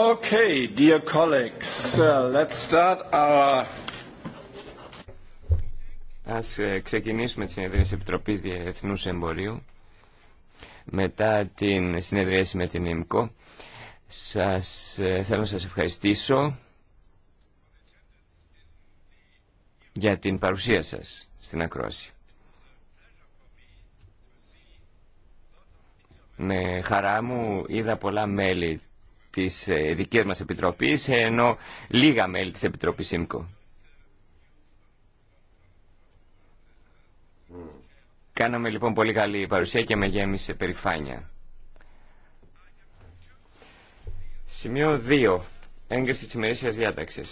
Okay, dear colleagues, uh, let's start our... Ας ε, ξεκινήσουμε τη συνεδρία της Επιτροπής Διεθνούς Εμπορίου μετά την συνεδρίαση με την ΕΜΚΟ. Σας, ε, θέλω να σας ευχαριστήσω για την παρουσία σας στην ακρόαση. Με χαρά μου είδα πολλά μέλη της ε, δική μα επιτροπή ενώ λίγα μέλη τη επιτροπή ΣΥΜΚΟ. Κάναμε λοιπόν πολύ καλή παρουσία και με γέμισε περηφάνεια. Σημείο 2. Έγκριση τη ημερήσια διάταξη.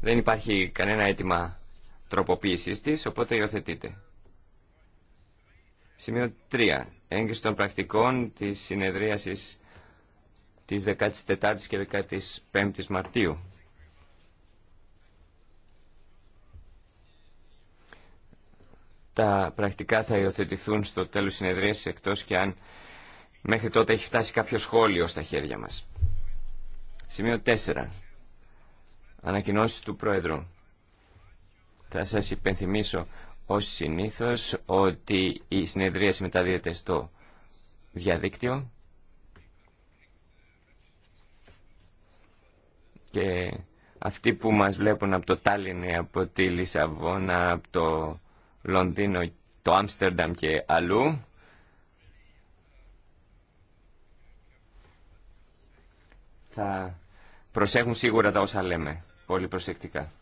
Δεν υπάρχει κανένα αίτημα τροποποίησης της, οπότε υιοθετείτε. Σημείο 3 έγκριση των πρακτικών της συνεδρίασης της 14ης και 15ης Μαρτίου. Τα πρακτικά θα υιοθετηθούν στο τέλος συνεδρίασης εκτός και αν μέχρι τότε έχει φτάσει κάποιο σχόλιο στα χέρια μας. Σημείο 4. Ανακοινώσεις του Πρόεδρου. Θα σας υπενθυμίσω ως συνήθως ότι η συνεδρία μεταδίδεται στο διαδίκτυο και αυτοί που μας βλέπουν από το Τάλινε, από τη Λισαβόνα, από το Λονδίνο, το Άμστερνταμ και αλλού θα προσέχουν σίγουρα τα όσα λέμε πολύ προσεκτικά.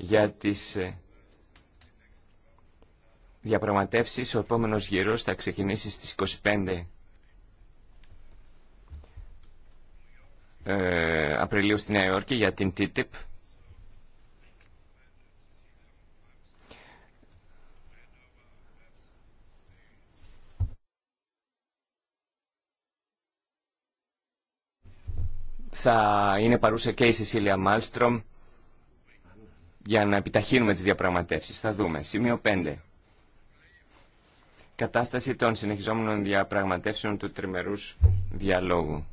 για τις ε, διαπραγματεύσεις. Ο επόμενος γύρος θα ξεκινήσει στις 25 ε, Απριλίου στη Νέα Υόρκη για την TTIP. Θα είναι παρούσα και η Σεσίλια Μάλστρομ για να επιταχύνουμε τις διαπραγματεύσεις. Θα δούμε. Σημείο 5. Κατάσταση των συνεχιζόμενων διαπραγματεύσεων του τριμερούς διαλόγου.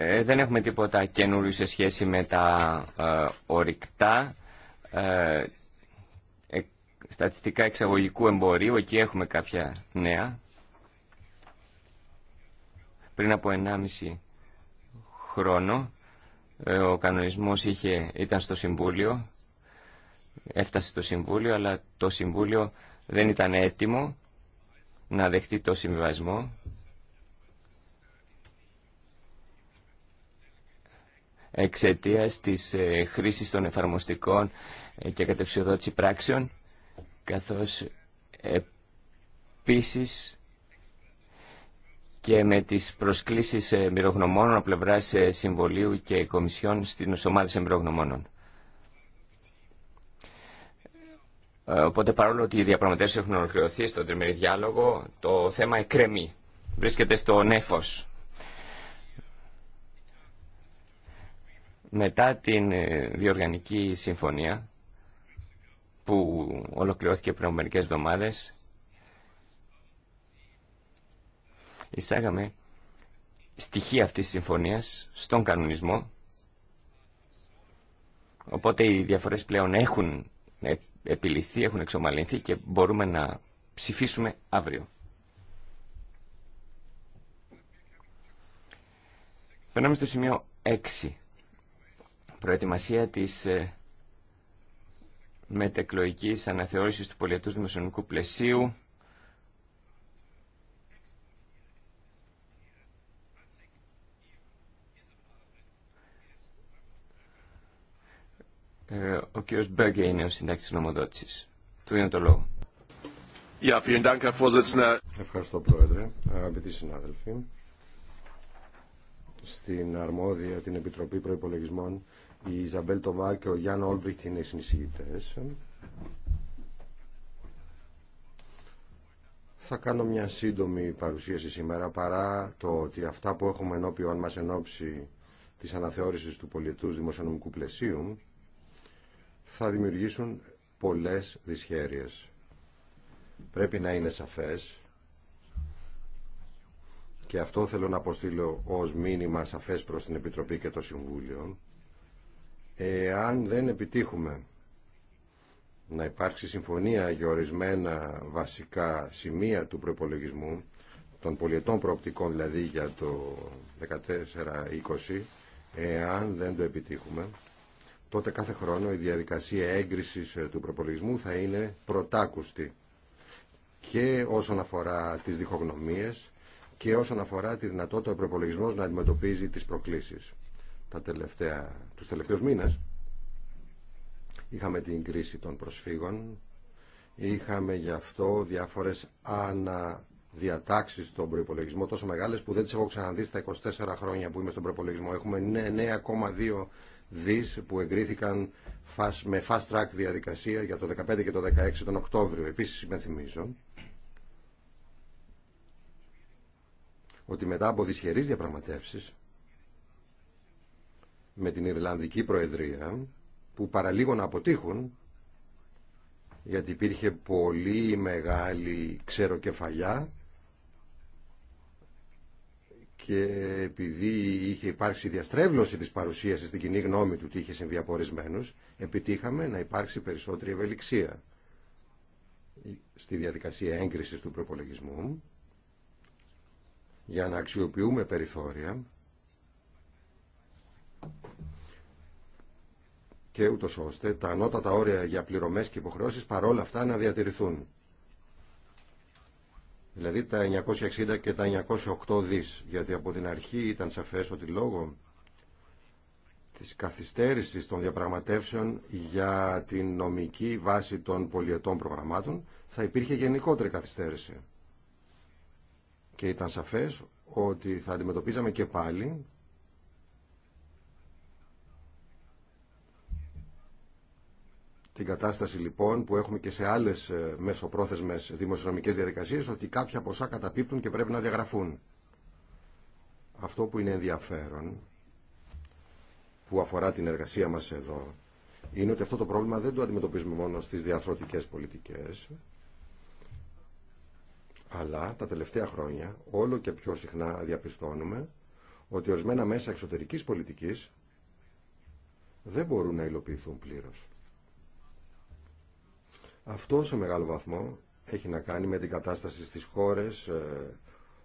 Ε, δεν έχουμε τίποτα καινούριο σε σχέση με τα ε, ορυκτά. Ε, ε στατιστικά εξαγωγικού εμπορίου, εκεί έχουμε κάποια νέα. Πριν από 1,5 χρόνο ε, ο κανονισμός είχε, ήταν στο Συμβούλιο, έφτασε στο Συμβούλιο, αλλά το Συμβούλιο δεν ήταν έτοιμο να δεχτεί το συμβιβασμό. εξαιτία της ε, χρήσης των εφαρμοστικών ε, και κατευσιόδότηση πράξεων, καθώς επίσης και με τις προσκλήσεις ε, εμπειρογνωμόνων από πλευρά ε, Συμβολίου και κομισιών στην ομάδα εμπειρογνωμόνων. Ε, οπότε παρόλο ότι οι διαπραγματεύσει έχουν ολοκληρωθεί στον τριμερή διάλογο, το θέμα εκκρεμεί. Βρίσκεται στο νέφος. Μετά την διοργανική συμφωνία που ολοκληρώθηκε πριν από μερικές εβδομάδες, εισάγαμε στοιχεία αυτής της συμφωνίας στον κανονισμό, οπότε οι διαφορές πλέον έχουν ε, επιληθεί, έχουν εξομαλυνθεί και μπορούμε να ψηφίσουμε αύριο. Περνάμε στο σημείο 6. Προετοιμασία της ε, μετεκλογικής αναθεώρησης του πολιετούς δημοσιονομικού πλαισίου Ε, ο κ. Μπέγκε είναι ο συντάκτη νομοδότηση. Του δίνω το λόγο. Ευχαριστώ, Πρόεδρε. Αγαπητοί συνάδελφοι, στην αρμόδια την Επιτροπή προπολογισμών η Ιζαμπέλ Τοβά και ο Γιάννο Όλμπριχτ είναι συνεισηγητέ. Θα κάνω μια σύντομη παρουσίαση σήμερα παρά το ότι αυτά που έχουμε ενώπιον μας ώψη τη αναθεώρηση του πολιτού δημοσιονομικού πλαισίου θα δημιουργήσουν πολλές δυσχέρειες. Πρέπει να είναι σαφές και αυτό θέλω να αποστείλω ως μήνυμα σαφές προς την Επιτροπή και το Συμβούλιο. Εάν δεν επιτύχουμε να υπάρξει συμφωνία για ορισμένα βασικά σημεία του προπολογισμού, των πολιετών προοπτικών δηλαδή για το 14-20, εάν δεν το επιτύχουμε, τότε κάθε χρόνο η διαδικασία έγκρισης ε, του προπολογισμού θα είναι πρωτάκουστη και όσον αφορά τις διχογνωμίες και όσον αφορά τη δυνατότητα ο προπολογισμός να αντιμετωπίζει τις προκλήσεις. Τα τελευταία, τους τελευταίους μήνες είχαμε την κρίση των προσφύγων, είχαμε γι' αυτό διάφορες αναδιατάξεις στον προπολογισμό τόσο μεγάλες που δεν τις έχω ξαναδεί στα 24 χρόνια που είμαι στον προπολογισμό. Έχουμε ναι, 9,2 δις που εγκρίθηκαν με fast track διαδικασία για το 15 και το 16 τον Οκτώβριο. Επίσης θυμίζω ότι μετά από δυσχερείς διαπραγματεύσεις με την Ιρλανδική Προεδρία που παραλίγο να αποτύχουν γιατί υπήρχε πολύ μεγάλη ξεροκεφαλιά και επειδή είχε υπάρξει διαστρέβλωση της παρουσίασης στην κοινή γνώμη του τι είχε συμβεί επιτύχαμε να υπάρξει περισσότερη ευελιξία στη διαδικασία έγκρισης του προπολογισμού για να αξιοποιούμε περιθώρια και ούτως ώστε τα ανώτατα όρια για πληρωμές και υποχρεώσεις παρόλα αυτά να διατηρηθούν δηλαδή τα 960 και τα 908 δις, γιατί από την αρχή ήταν σαφές ότι λόγω της καθυστέρησης των διαπραγματεύσεων για την νομική βάση των πολιετών προγραμμάτων θα υπήρχε γενικότερη καθυστέρηση. Και ήταν σαφές ότι θα αντιμετωπίζαμε και πάλι την κατάσταση λοιπόν που έχουμε και σε άλλες ε, μεσοπρόθεσμε δημοσιονομικέ διαδικασίε, ότι κάποια ποσά καταπίπτουν και πρέπει να διαγραφούν. Αυτό που είναι ενδιαφέρον που αφορά την εργασία μας εδώ είναι ότι αυτό το πρόβλημα δεν το αντιμετωπίζουμε μόνο στις διαθροτικές πολιτικές αλλά τα τελευταία χρόνια όλο και πιο συχνά διαπιστώνουμε ότι ορισμένα μέσα εξωτερικής πολιτικής δεν μπορούν να υλοποιηθούν πλήρως. Αυτό σε μεγάλο βαθμό έχει να κάνει με την κατάσταση στις χώρες ε,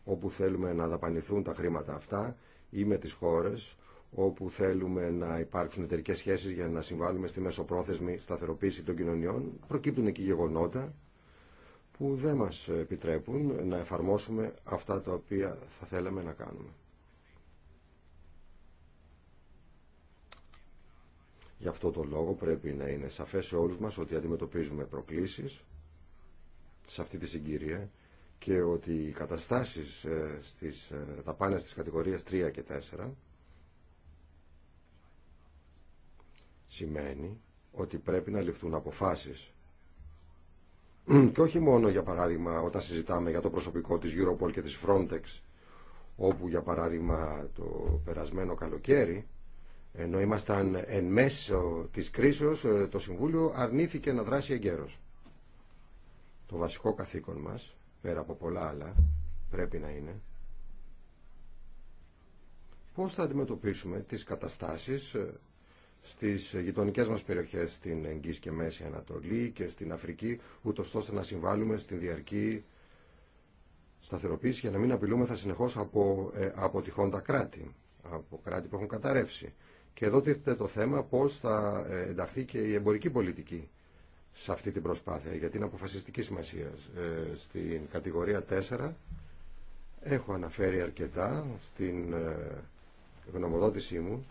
όπου θέλουμε να δαπανηθούν τα χρήματα αυτά ή με τις χώρες όπου θέλουμε να υπάρξουν εταιρικέ σχέσεις για να συμβάλλουμε στη μεσοπρόθεσμη σταθεροποίηση των κοινωνιών. Προκύπτουν εκεί γεγονότα που δεν μας επιτρέπουν να εφαρμόσουμε αυτά τα οποία θα θέλαμε να κάνουμε. Γι' αυτό το λόγο πρέπει να είναι σαφές σε όλους μας ότι αντιμετωπίζουμε προκλήσεις σε αυτή τη συγκυρία και ότι οι καταστάσεις ε, στις ε, πάνε στις κατηγορίες 3 και 4 σημαίνει ότι πρέπει να ληφθούν αποφάσεις. Και όχι μόνο, για παράδειγμα, όταν συζητάμε για το προσωπικό της Europol και της Frontex, όπου, για παράδειγμα, το περασμένο καλοκαίρι ενώ ήμασταν εν μέσω της κρίσεως, ε, το Συμβούλιο αρνήθηκε να δράσει εγκαίρως. Το βασικό καθήκον μας, πέρα από πολλά άλλα, πρέπει να είναι πώς θα αντιμετωπίσουμε τις καταστάσεις ε, στις γειτονικές μας περιοχές στην Εγγύς και Μέση Ανατολή και στην Αφρική, ούτως ώστε να συμβάλλουμε στην διαρκή σταθεροποίηση για να μην απειλούμεθα συνεχώς από ε, κράτη, από κράτη που έχουν καταρρεύσει. Και εδώ τίθεται το θέμα πώς θα ε, ενταχθεί και η εμπορική πολιτική σε αυτή την προσπάθεια, γιατί είναι αποφασιστική σημασία. Ε, στην κατηγορία 4 έχω αναφέρει αρκετά στην ε, γνωμοδότησή μου.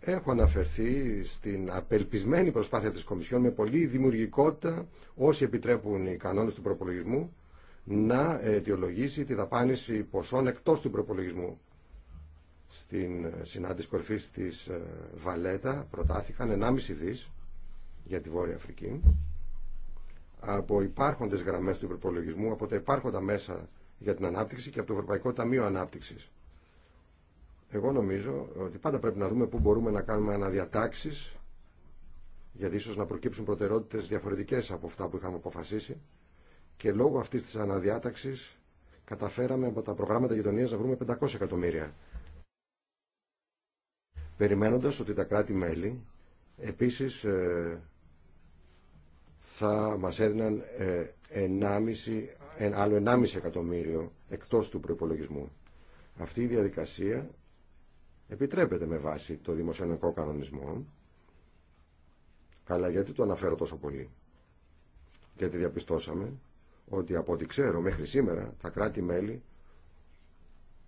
Έχω αναφερθεί στην απελπισμένη προσπάθεια της Κομισιόν με πολλή δημιουργικότητα όσοι επιτρέπουν οι κανόνες του προπολογισμού να αιτιολογήσει τη δαπάνηση ποσών εκτός του προπολογισμού στην ε, συνάντηση κορφής τη ε, Βαλέτα προτάθηκαν 1,5 δί για τη Βόρεια Αφρική από υπάρχοντες γραμμέ του υπερπολογισμού, από τα υπάρχοντα μέσα για την ανάπτυξη και από το Ευρωπαϊκό Ταμείο ανάπτυξη. Εγώ νομίζω ότι πάντα πρέπει να δούμε πού μπορούμε να κάνουμε αναδιατάξεις γιατί ίσως να προκύψουν προτεραιότητες διαφορετικές από αυτά που είχαμε αποφασίσει και λόγω αυτής της αναδιάταξης καταφέραμε από τα προγράμματα γειτονίας να κανουμε αναδιαταξει γιατι ισω να προκυψουν προτεραιοτητε διαφορετικε απο αυτα που ειχαμε αποφασισει και λογω αυτη τη αναδιαταξη καταφεραμε απο τα προγραμματα γειτονια να βρουμε 500 εκατομμύρια περιμένοντας ότι τα κράτη-μέλη επίσης ε, θα μας έδιναν 1,5, ε, ε, άλλο 1,5 εκατομμύριο εκτός του προϋπολογισμού. Αυτή η διαδικασία επιτρέπεται με βάση το δημοσιονομικό κανονισμό, αλλά γιατί το αναφέρω τόσο πολύ. Γιατί διαπιστώσαμε ότι από ό,τι ξέρω μέχρι σήμερα τα κράτη-μέλη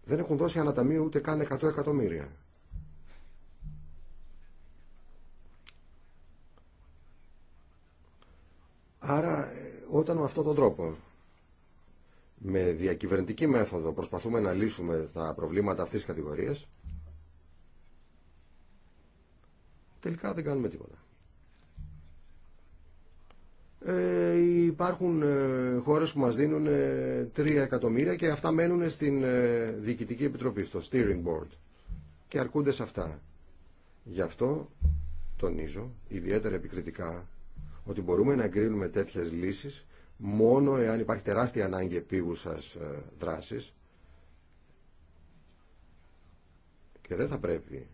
δεν έχουν δώσει αναταμείο ούτε καν 100 εκατομμύρια. Άρα ε, όταν με αυτόν τον τρόπο με διακυβερνητική μέθοδο προσπαθούμε να λύσουμε τα προβλήματα αυτής της κατηγορίας τελικά δεν κάνουμε τίποτα. Ε, υπάρχουν ε, χώρες που μας δίνουν ε, 3 εκατομμύρια και αυτά μένουν στην ε, Διοικητική Επιτροπή, στο Steering Board και αρκούνται σε αυτά. Γι' αυτό τονίζω ιδιαίτερα επικριτικά ότι μπορούμε να εγκρίνουμε τέτοιε λύσει μόνο εάν υπάρχει τεράστια ανάγκη επίγουσας ε, δράσης και δεν θα πρέπει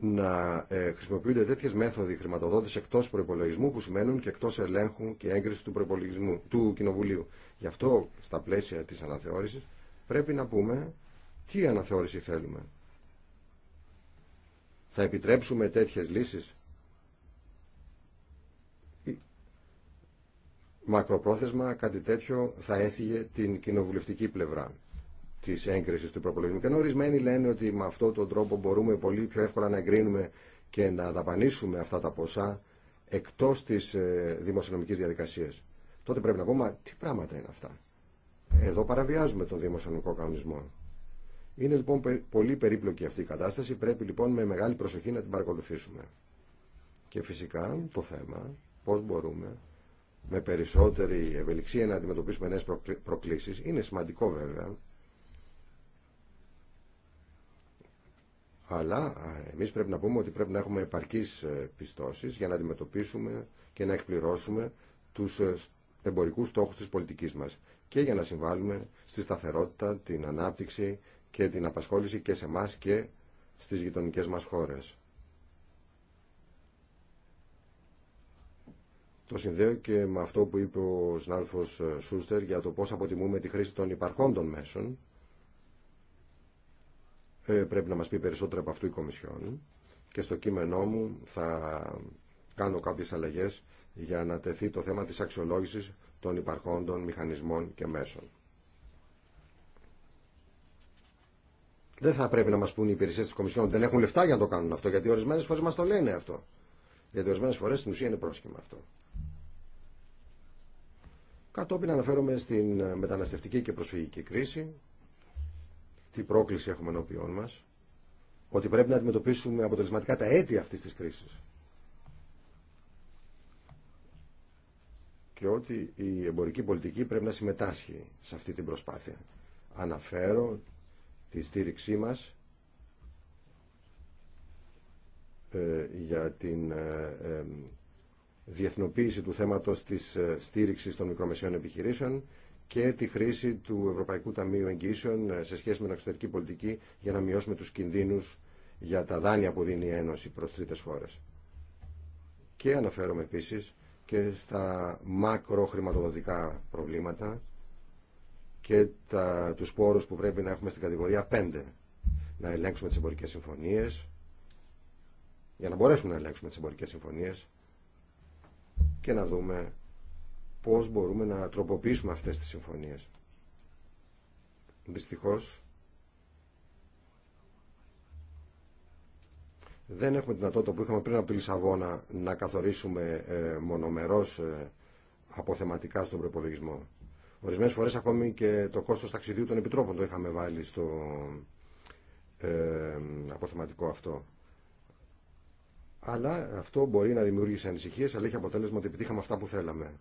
να ε, χρησιμοποιούνται τέτοιε μέθοδοι χρηματοδότηση εκτό προπολογισμού που σημαίνουν και εκτό ελέγχου και έγκριση του προπολογισμού του Κοινοβουλίου. Γι' αυτό στα πλαίσια τη αναθεώρηση πρέπει να πούμε τι αναθεώρηση θέλουμε. Θα επιτρέψουμε τέτοιες λύσεις. Μακροπρόθεσμα κάτι τέτοιο θα έφυγε την κοινοβουλευτική πλευρά τη έγκριση του προπολογισμού. Και ορισμένοι λένε ότι με αυτόν τον τρόπο μπορούμε πολύ πιο εύκολα να εγκρίνουμε και να δαπανίσουμε αυτά τα ποσά εκτό τη ε, δημοσιονομική διαδικασία. Τότε πρέπει να πούμε, τι πράγματα είναι αυτά. Εδώ παραβιάζουμε τον δημοσιονομικό κανονισμό. Είναι λοιπόν πολύ περίπλοκη αυτή η κατάσταση, πρέπει λοιπόν με μεγάλη προσοχή να την παρακολουθήσουμε. Και φυσικά το θέμα πώς μπορούμε με περισσότερη ευελιξία να αντιμετωπίσουμε νέες προκλήσεις είναι σημαντικό βέβαια. Αλλά εμείς πρέπει να πούμε ότι πρέπει να έχουμε επαρκείς ε, πιστώσεις για να αντιμετωπίσουμε και να εκπληρώσουμε τους ε, εμπορικούς στόχους της πολιτικής μας και για να συμβάλλουμε στη σταθερότητα, την ανάπτυξη και την απασχόληση και σε εμά και στις γειτονικές μας χώρες. Το συνδέω και με αυτό που είπε ο συνάδελφος Σούστερ για το πώς αποτιμούμε τη χρήση των υπαρχόντων μέσων. Ε, πρέπει να μας πει περισσότερο από αυτού η Κομισιόν. Και στο κείμενό μου θα κάνω κάποιες αλλαγές για να τεθεί το θέμα της αξιολόγησης των υπαρχόντων μηχανισμών και μέσων. Δεν θα πρέπει να μα πούνε οι υπηρεσίε τη Κομισιόν ότι δεν έχουν λεφτά για να το κάνουν αυτό, γιατί ορισμένε φορέ μα το λένε αυτό. Γιατί ορισμένε φορέ στην ουσία είναι πρόσχημα αυτό. Κατόπιν αναφέρομαι στην ε, μεταναστευτική και προσφυγική κρίση, τι πρόκληση έχουμε ενώπιόν μα, ότι πρέπει να αντιμετωπίσουμε αποτελεσματικά τα αίτια αυτή τη κρίση. και ότι η εμπορική πολιτική πρέπει να συμμετάσχει σε αυτή την προσπάθεια. Αναφέρω τη στήριξή μας ε, για την ε, ε, διεθνοποίηση του θέματος της στήριξης των μικρομεσαίων επιχειρήσεων και τη χρήση του Ευρωπαϊκού Ταμείου Εγγυήσεων σε σχέση με την εξωτερική πολιτική για να μειώσουμε τους κινδύνους για τα δάνεια που δίνει η Ένωση προς τρίτες χώρες. Και αναφέρομαι επίσης και στα μακροχρηματοδοτικά προβλήματα και τα, τους πόρους που πρέπει να έχουμε στην κατηγορία 5. Να ελέγξουμε τις εμπορικές συμφωνίες, για να μπορέσουμε να ελέγξουμε τις εμπορικές συμφωνίες και να δούμε πώς μπορούμε να τροποποιήσουμε αυτές τις συμφωνίες. Δυστυχώς, δεν έχουμε δυνατότητα που είχαμε πριν από τη Λισαβόνα να καθορίσουμε ε, μονομερώς ε, αποθεματικά στον προπολογισμό. Ορισμένε φορές ακόμη και το κόστος ταξιδιού των επιτρόπων το είχαμε βάλει στο ε, αποθεματικό αυτό. Αλλά αυτό μπορεί να δημιούργησε ανησυχίες, αλλά έχει αποτέλεσμα ότι επιτύχαμε αυτά που θέλαμε.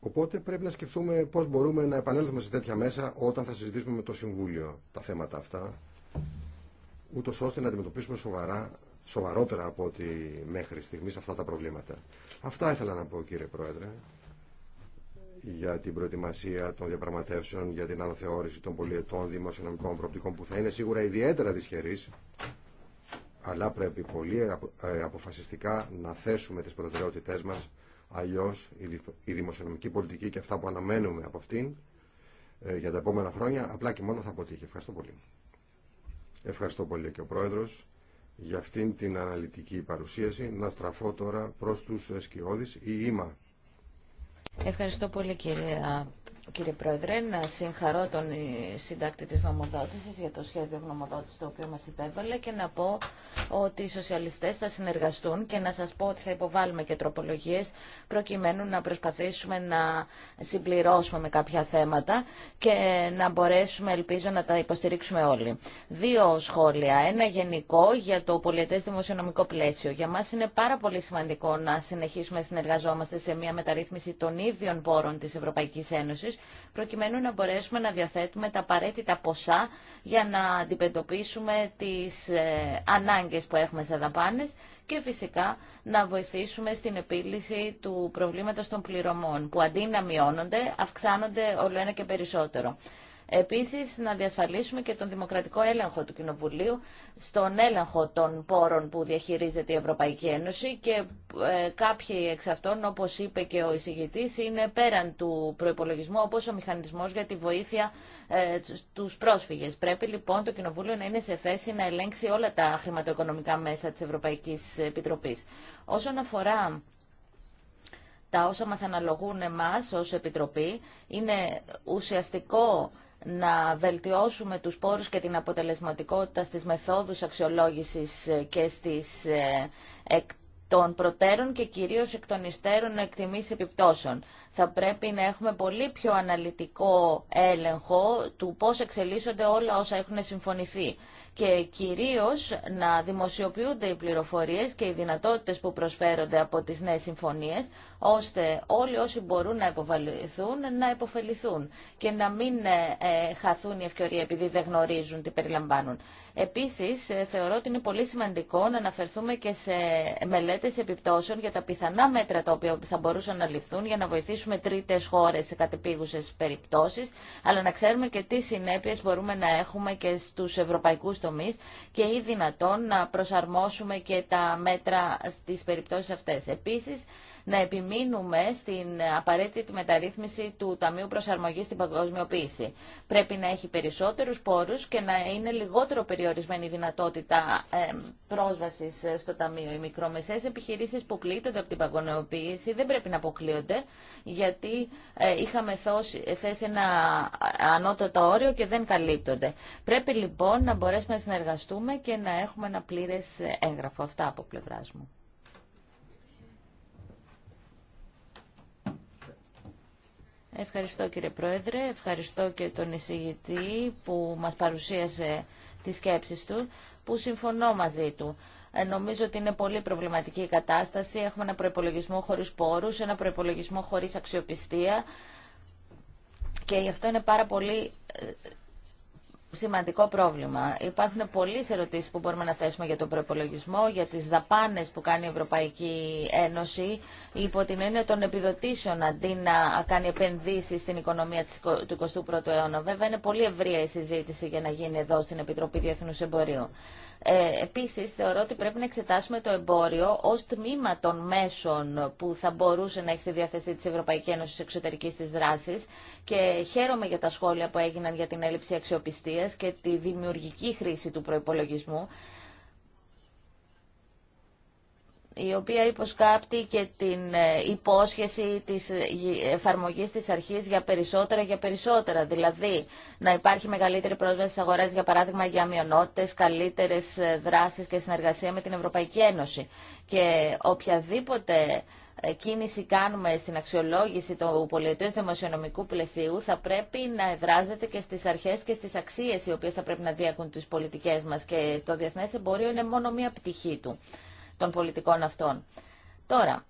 Οπότε πρέπει να σκεφτούμε πώς μπορούμε να επανέλθουμε σε τέτοια μέσα όταν θα συζητήσουμε με το Συμβούλιο τα θέματα αυτά, ούτω ώστε να αντιμετωπίσουμε σοβαρά σοβαρότερα από ότι μέχρι στιγμής αυτά τα προβλήματα. Αυτά ήθελα να πω κύριε Πρόεδρε για την προετοιμασία των διαπραγματεύσεων, για την αναθεώρηση των πολιετών δημοσιονομικών προοπτικών που θα είναι σίγουρα ιδιαίτερα δυσχερής αλλά πρέπει πολύ ε, αποφασιστικά να θέσουμε τις προτεραιότητές μας αλλιώς η δημοσιονομική πολιτική και αυτά που αναμένουμε από αυτήν ε, για τα επόμενα χρόνια απλά και μόνο θα αποτύχει. Ευχαριστώ πολύ. Ευχαριστώ πολύ και ο Πρόεδρος για αυτήν την αναλυτική παρουσίαση. Να στραφώ τώρα προς τους σκιώδεις ή μα. Ευχαριστώ πολύ κυρία Κύριε Πρόεδρε, να συγχαρώ τον ε, συντάκτη της νομοδότησης για το σχέδιο γνωμοδότησης το οποίο μας υπέβαλε και να πω ότι οι σοσιαλιστές θα συνεργαστούν και να σας πω ότι θα υποβάλουμε και τροπολογίες προκειμένου να προσπαθήσουμε να συμπληρώσουμε με κάποια θέματα και να μπορέσουμε, ελπίζω, να τα υποστηρίξουμε όλοι. Δύο σχόλια. Ένα γενικό για το πολιετές δημοσιονομικό πλαίσιο. Για μας είναι πάρα πολύ σημαντικό να συνεχίσουμε να συνεργαζόμαστε σε μια μεταρρύθμιση των ίδιων πόρων της Ευρωπαϊκής Ένωσης προκειμένου να μπορέσουμε να διαθέτουμε τα απαραίτητα ποσά για να αντιμετωπίσουμε τις ε, ανάγκες που έχουμε σε δαπάνες και φυσικά να βοηθήσουμε στην επίλυση του προβλήματος των πληρωμών που αντί να μειώνονται αυξάνονται όλο ένα και περισσότερο. Επίσης, να διασφαλίσουμε και τον δημοκρατικό έλεγχο του Κοινοβουλίου στον έλεγχο των πόρων που διαχειρίζεται η Ευρωπαϊκή Ένωση και ε, κάποιοι εξ αυτών, όπως είπε και ο εισηγητής, είναι πέραν του προϋπολογισμού, όπως ο μηχανισμός για τη βοήθεια ε, στους πρόσφυγες. Πρέπει λοιπόν το Κοινοβούλιο να είναι σε θέση να ελέγξει όλα τα χρηματοοικονομικά μέσα της Ευρωπαϊκής Επιτροπής. Όσον αφορά τα όσα μας αναλογούν εμάς ως Επιτροπή, είναι ουσιαστικό να βελτιώσουμε τους πόρους και την αποτελεσματικότητα στις μεθόδους αξιολόγησης και στις ε, εκ των προτέρων και κυρίως εκ των υστέρων εκτιμής επιπτώσεων. Θα πρέπει να έχουμε πολύ πιο αναλυτικό έλεγχο του πώς εξελίσσονται όλα όσα έχουν συμφωνηθεί και κυρίως να δημοσιοποιούνται οι πληροφορίες και οι δυνατότητες που προσφέρονται από τις νέες συμφωνίες, ώστε όλοι όσοι μπορούν να υποβαλληθούν, να υποφεληθούν και να μην ε, ε, χαθούν οι ευκαιρία επειδή δεν γνωρίζουν τι περιλαμβάνουν. Επίσης, ε, θεωρώ ότι είναι πολύ σημαντικό να αναφερθούμε και σε μελέτες επιπτώσεων για τα πιθανά μέτρα τα οποία θα μπορούσαν να ληφθούν για να βοηθήσουμε τρίτες χώρες σε κατεπίγουσες περιπτώσεις, αλλά να ξέρουμε και τι συνέπειες μπορούμε να έχουμε και στους ευρωπαϊκούς τομείς και ή δυνατόν να προσαρμόσουμε και τα μέτρα στις περιπτώσεις αυτές. Επίσης, να επιμείνουμε στην απαραίτητη μεταρρύθμιση του Ταμείου Προσαρμογή στην Παγκοσμιοποίηση. Πρέπει να έχει περισσότερου πόρου και να είναι λιγότερο περιορισμένη η δυνατότητα πρόσβαση στο Ταμείο. Οι μικρομεσαίε επιχειρήσει που πλήττονται από την παγκοσμιοποίηση δεν πρέπει να αποκλείονται, γιατί ε, είχαμε θέσει ένα ανώτατο όριο και δεν καλύπτονται. Πρέπει λοιπόν να μπορέσουμε να συνεργαστούμε και να έχουμε ένα πλήρε έγγραφο. Αυτά από πλευρά μου. Ευχαριστώ κύριε Πρόεδρε, ευχαριστώ και τον εισηγητή που μας παρουσίασε τις σκέψεις του, που συμφωνώ μαζί του. Ε, νομίζω ότι είναι πολύ προβληματική η κατάσταση. Έχουμε ένα προπολογισμό χωρίς πόρους, ένα προπολογισμό χωρίς αξιοπιστία και γι' αυτό είναι πάρα πολύ ε, σημαντικό πρόβλημα. Υπάρχουν πολλέ ερωτήσει που μπορούμε να θέσουμε για τον προπολογισμό, για τι δαπάνε που κάνει η Ευρωπαϊκή Ένωση υπό την έννοια των επιδοτήσεων αντί να κάνει επενδύσει στην οικονομία του 21ου αιώνα. Βέβαια, είναι πολύ ευρία η συζήτηση για να γίνει εδώ στην Επιτροπή Διεθνού Εμπορίου. Ε, επίσης, θεωρώ ότι πρέπει να εξετάσουμε το εμπόριο ως τμήμα των μέσων που θα μπορούσε να έχει στη διάθεσή της Ευρωπαϊκή Ένωσης εξωτερικής της δράσης και χαίρομαι για τα σχόλια που έγιναν για την έλλειψη αξιοπιστίας και τη δημιουργική χρήση του προϋπολογισμού η οποία υποσκάπτει και την ε, υπόσχεση της ε, εφαρμογής της αρχής για περισσότερα για περισσότερα. Δηλαδή, να υπάρχει μεγαλύτερη πρόσβαση στις αγορές, για παράδειγμα, για μειονότητες, καλύτερες ε, δράσεις και συνεργασία με την Ευρωπαϊκή Ένωση. Και οποιαδήποτε κίνηση κάνουμε στην αξιολόγηση του πολιτικού δημοσιονομικού πλαισίου θα πρέπει να εδράζεται και στις αρχές και στις αξίες οι οποίες θα πρέπει να διέχουν τις πολιτικές μας και το διεθνές εμπόριο είναι μόνο μία πτυχή του των πολιτικών αυτών. Τώρα,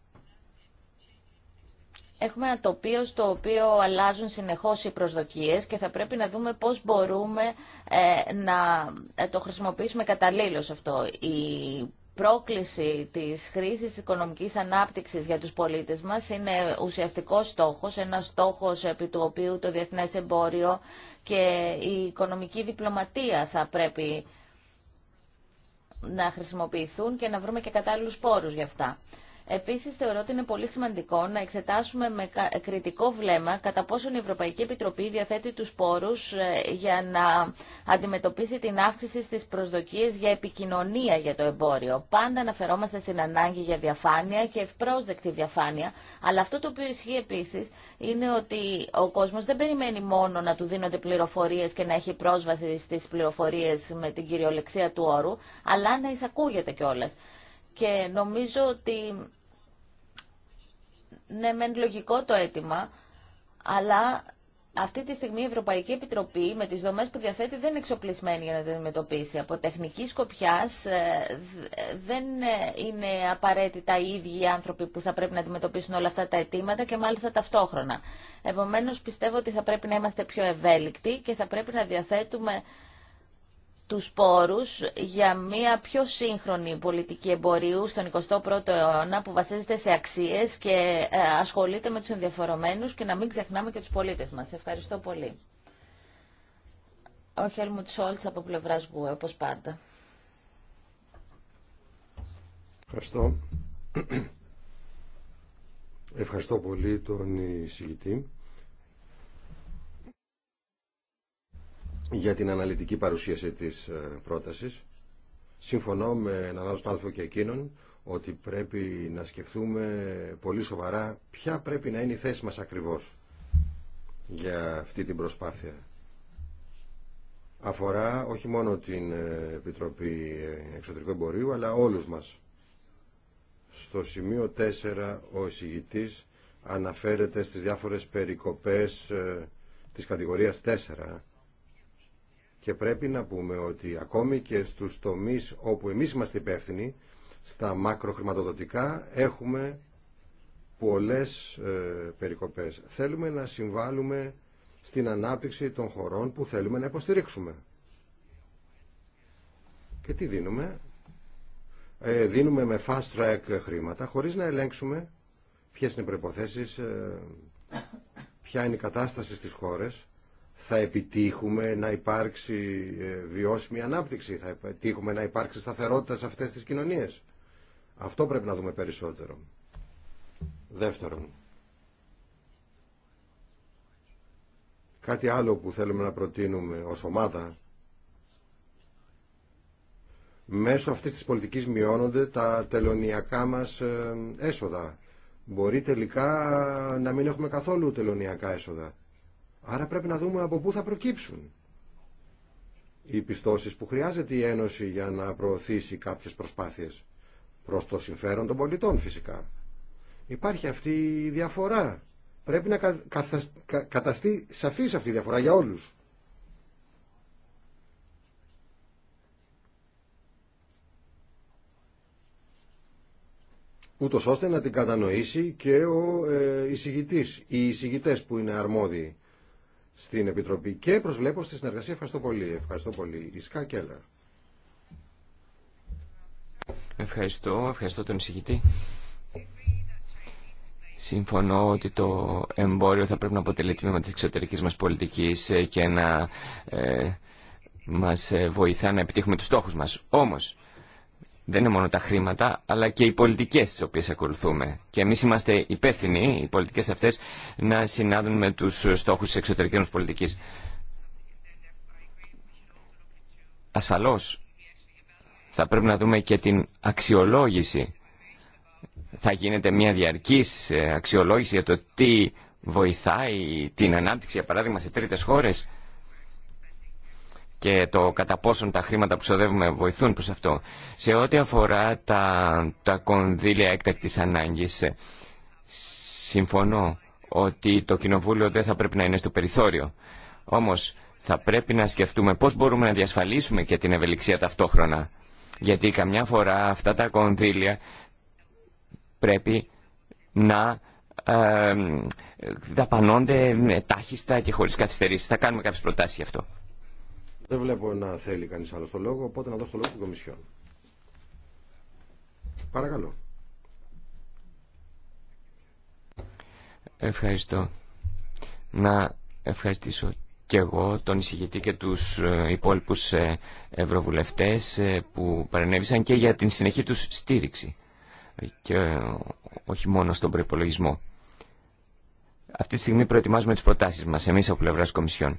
έχουμε ένα τοπίο στο οποίο αλλάζουν συνεχώς οι προσδοκίες και θα πρέπει να δούμε πώς μπορούμε ε, να ε, το χρησιμοποιήσουμε καταλήλως αυτό. Η πρόκληση της χρήσης της οικονομικής ανάπτυξης για τους πολίτες μας είναι ουσιαστικός στόχος, ένας στόχος επί του οποίου το διεθνές εμπόριο και η οικονομική διπλωματία θα πρέπει να χρησιμοποιηθούν και να βρούμε και κατάλληλους πόρους για αυτά. Επίση, θεωρώ ότι είναι πολύ σημαντικό να εξετάσουμε με κριτικό βλέμμα κατά πόσον η Ευρωπαϊκή Επιτροπή διαθέτει του πόρου ε, για να αντιμετωπίσει την αύξηση στι προσδοκίε για επικοινωνία για το εμπόριο. Πάντα αναφερόμαστε στην ανάγκη για διαφάνεια και ευπρόσδεκτη διαφάνεια, αλλά αυτό το οποίο ισχύει επίση είναι ότι ο κόσμο δεν περιμένει μόνο να του δίνονται πληροφορίε και να έχει πρόσβαση στι πληροφορίε με την κυριολεξία του όρου, αλλά να εισακούγεται κιόλα. Και νομίζω ότι ναι, μεν λογικό το αίτημα, αλλά αυτή τη στιγμή η Ευρωπαϊκή Επιτροπή με τις δομές που διαθέτει δεν είναι εξοπλισμένη για να την αντιμετωπίσει. Από τεχνική σκοπιάς ε, δεν ε, είναι απαραίτητα οι ίδιοι οι άνθρωποι που θα πρέπει να αντιμετωπίσουν όλα αυτά τα αιτήματα και μάλιστα ταυτόχρονα. Επομένως πιστεύω ότι θα πρέπει να είμαστε πιο ευέλικτοι και θα πρέπει να διαθέτουμε τους πόρους για μια πιο σύγχρονη πολιτική εμπορίου στον 21ο αιώνα που βασίζεται σε αξίες και ε, ασχολείται με τους ενδιαφορομένους και να μην ξεχνάμε και τους πολίτες μας. Ευχαριστώ πολύ. Ο Χέλμουτ Σόλτς από πλευράς ΓΟΥΕ, όπως πάντα. Ευχαριστώ. Ευχαριστώ πολύ τον εισηγητή για την αναλυτική παρουσίαση της ε, πρότασης. Συμφωνώ με έναν άλλο στάνθο και εκείνον ότι πρέπει να σκεφτούμε πολύ σοβαρά ποια πρέπει να είναι η θέση μας ακριβώς για αυτή την προσπάθεια. Αφορά όχι μόνο την ε, Επιτροπή ε, Εξωτερικού Εμπορίου, αλλά όλους μας. Στο σημείο 4 ο εισηγητής αναφέρεται στις διάφορες περικοπές της κατηγορίας 4 και πρέπει να πούμε ότι ακόμη και στους τομείς όπου εμείς είμαστε υπεύθυνοι, στα μακροχρηματοδοτικά έχουμε πολλές ε, περικοπές. Θέλουμε να συμβάλλουμε στην ανάπτυξη των χωρών που θέλουμε να υποστηρίξουμε. Και τι δίνουμε. Ε, δίνουμε με fast track χρήματα χωρίς να ελέγξουμε ποιες είναι οι προϋποθέσεις, ε, ποια είναι η κατάσταση στις χώρες θα επιτύχουμε να υπάρξει ε, βιώσιμη ανάπτυξη, θα επιτύχουμε να υπάρξει σταθερότητα σε αυτές τις κοινωνίες. Αυτό πρέπει να δούμε περισσότερο. Δεύτερον, κάτι άλλο που θέλουμε να προτείνουμε ως ομάδα, μέσω αυτής της πολιτικής μειώνονται τα τελωνιακά μας ε, έσοδα. Μπορεί τελικά να μην έχουμε καθόλου τελωνιακά έσοδα. Άρα πρέπει να δούμε από πού θα προκύψουν οι πιστώσεις που χρειάζεται η Ένωση για να προωθήσει κάποιες προσπάθειες προς το συμφέρον των πολιτών φυσικά. Υπάρχει αυτή η διαφορά. Πρέπει να καταστεί σαφής αυτή η διαφορά για όλους. ούτω ώστε να την κατανοήσει και ο ε, εισηγητής, οι εισηγητές που είναι αρμόδιοι στην Επιτροπή και προσβλέπω στη συνεργασία. Ευχαριστώ πολύ. Ευχαριστώ πολύ. Ισκά Κέλλερ. Ευχαριστώ. Ευχαριστώ τον εισηγητή. Συμφωνώ ότι το εμπόριο θα πρέπει να αποτελεί τμήμα της εξωτερικής μας πολιτικής ε, και να ε, μας ε, βοηθά να επιτύχουμε τους στόχους μας. Όμως, δεν είναι μόνο τα χρήματα, αλλά και οι πολιτικές τις οποίες ακολουθούμε. Και εμείς είμαστε υπεύθυνοι, οι πολιτικές αυτές, να συνάδουν με τους στόχου τη εξωτερική μα πολιτικής. Ασφαλώς, θα πρέπει να δούμε και την αξιολόγηση. Θα γίνεται μια διαρκής ε, αξιολόγηση για το τι βοηθάει την ανάπτυξη, για παράδειγμα, σε τρίτες χώρε και το κατά πόσον τα χρήματα που ξοδεύουμε βοηθούν προς αυτό. Σε ό,τι αφορά τα, τα κονδύλια έκτακτης ανάγκης, ε, συμφωνώ ότι το Κοινοβούλιο δεν θα πρέπει να είναι στο περιθώριο. Όμως θα πρέπει να σκεφτούμε πώς μπορούμε να διασφαλίσουμε και την ευελιξία ταυτόχρονα. Γιατί καμιά φορά αυτά τα κονδύλια πρέπει να ε, δαπανώνται τάχιστα και χωρίς καθυστερήσεις. Θα κάνουμε κάποιες προτάσεις γι' αυτό. Δεν βλέπω να θέλει κανείς άλλο το λόγο, οπότε να δώσω το λόγο στην Κομισιόν. Παρακαλώ. Ευχαριστώ. Να ευχαριστήσω και εγώ τον εισηγητή και τους ε, υπόλοιπους ε, ευρωβουλευτές ε, που παρενέβησαν και για την συνεχή τους στήριξη και όχι μόνο στον προπολογισμό. Αυτή τη στιγμή προετοιμάζουμε τις προτάσεις μας εμείς από πλευράς Κομισιόν.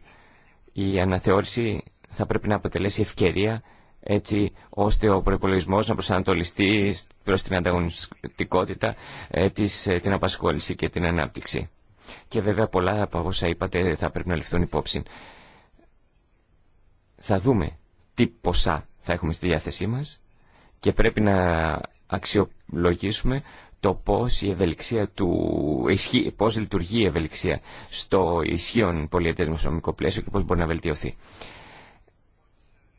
Η αναθεώρηση θα πρέπει να αποτελέσει ευκαιρία έτσι ώστε ο προπολογισμό να προσανατολιστεί προς την ανταγωνιστικότητα, ε, της, ε, την απασχόληση και την ανάπτυξη. Και βέβαια πολλά από όσα είπατε θα πρέπει να ληφθούν υπόψη. Θα δούμε τι ποσά θα έχουμε στη διάθεσή μας και πρέπει να αξιολογήσουμε το πώς, η ευελιξία του, πώς λειτουργεί η ευελιξία στο ισχύον πολιετές πλαίσιο και πώς μπορεί να βελτιωθεί.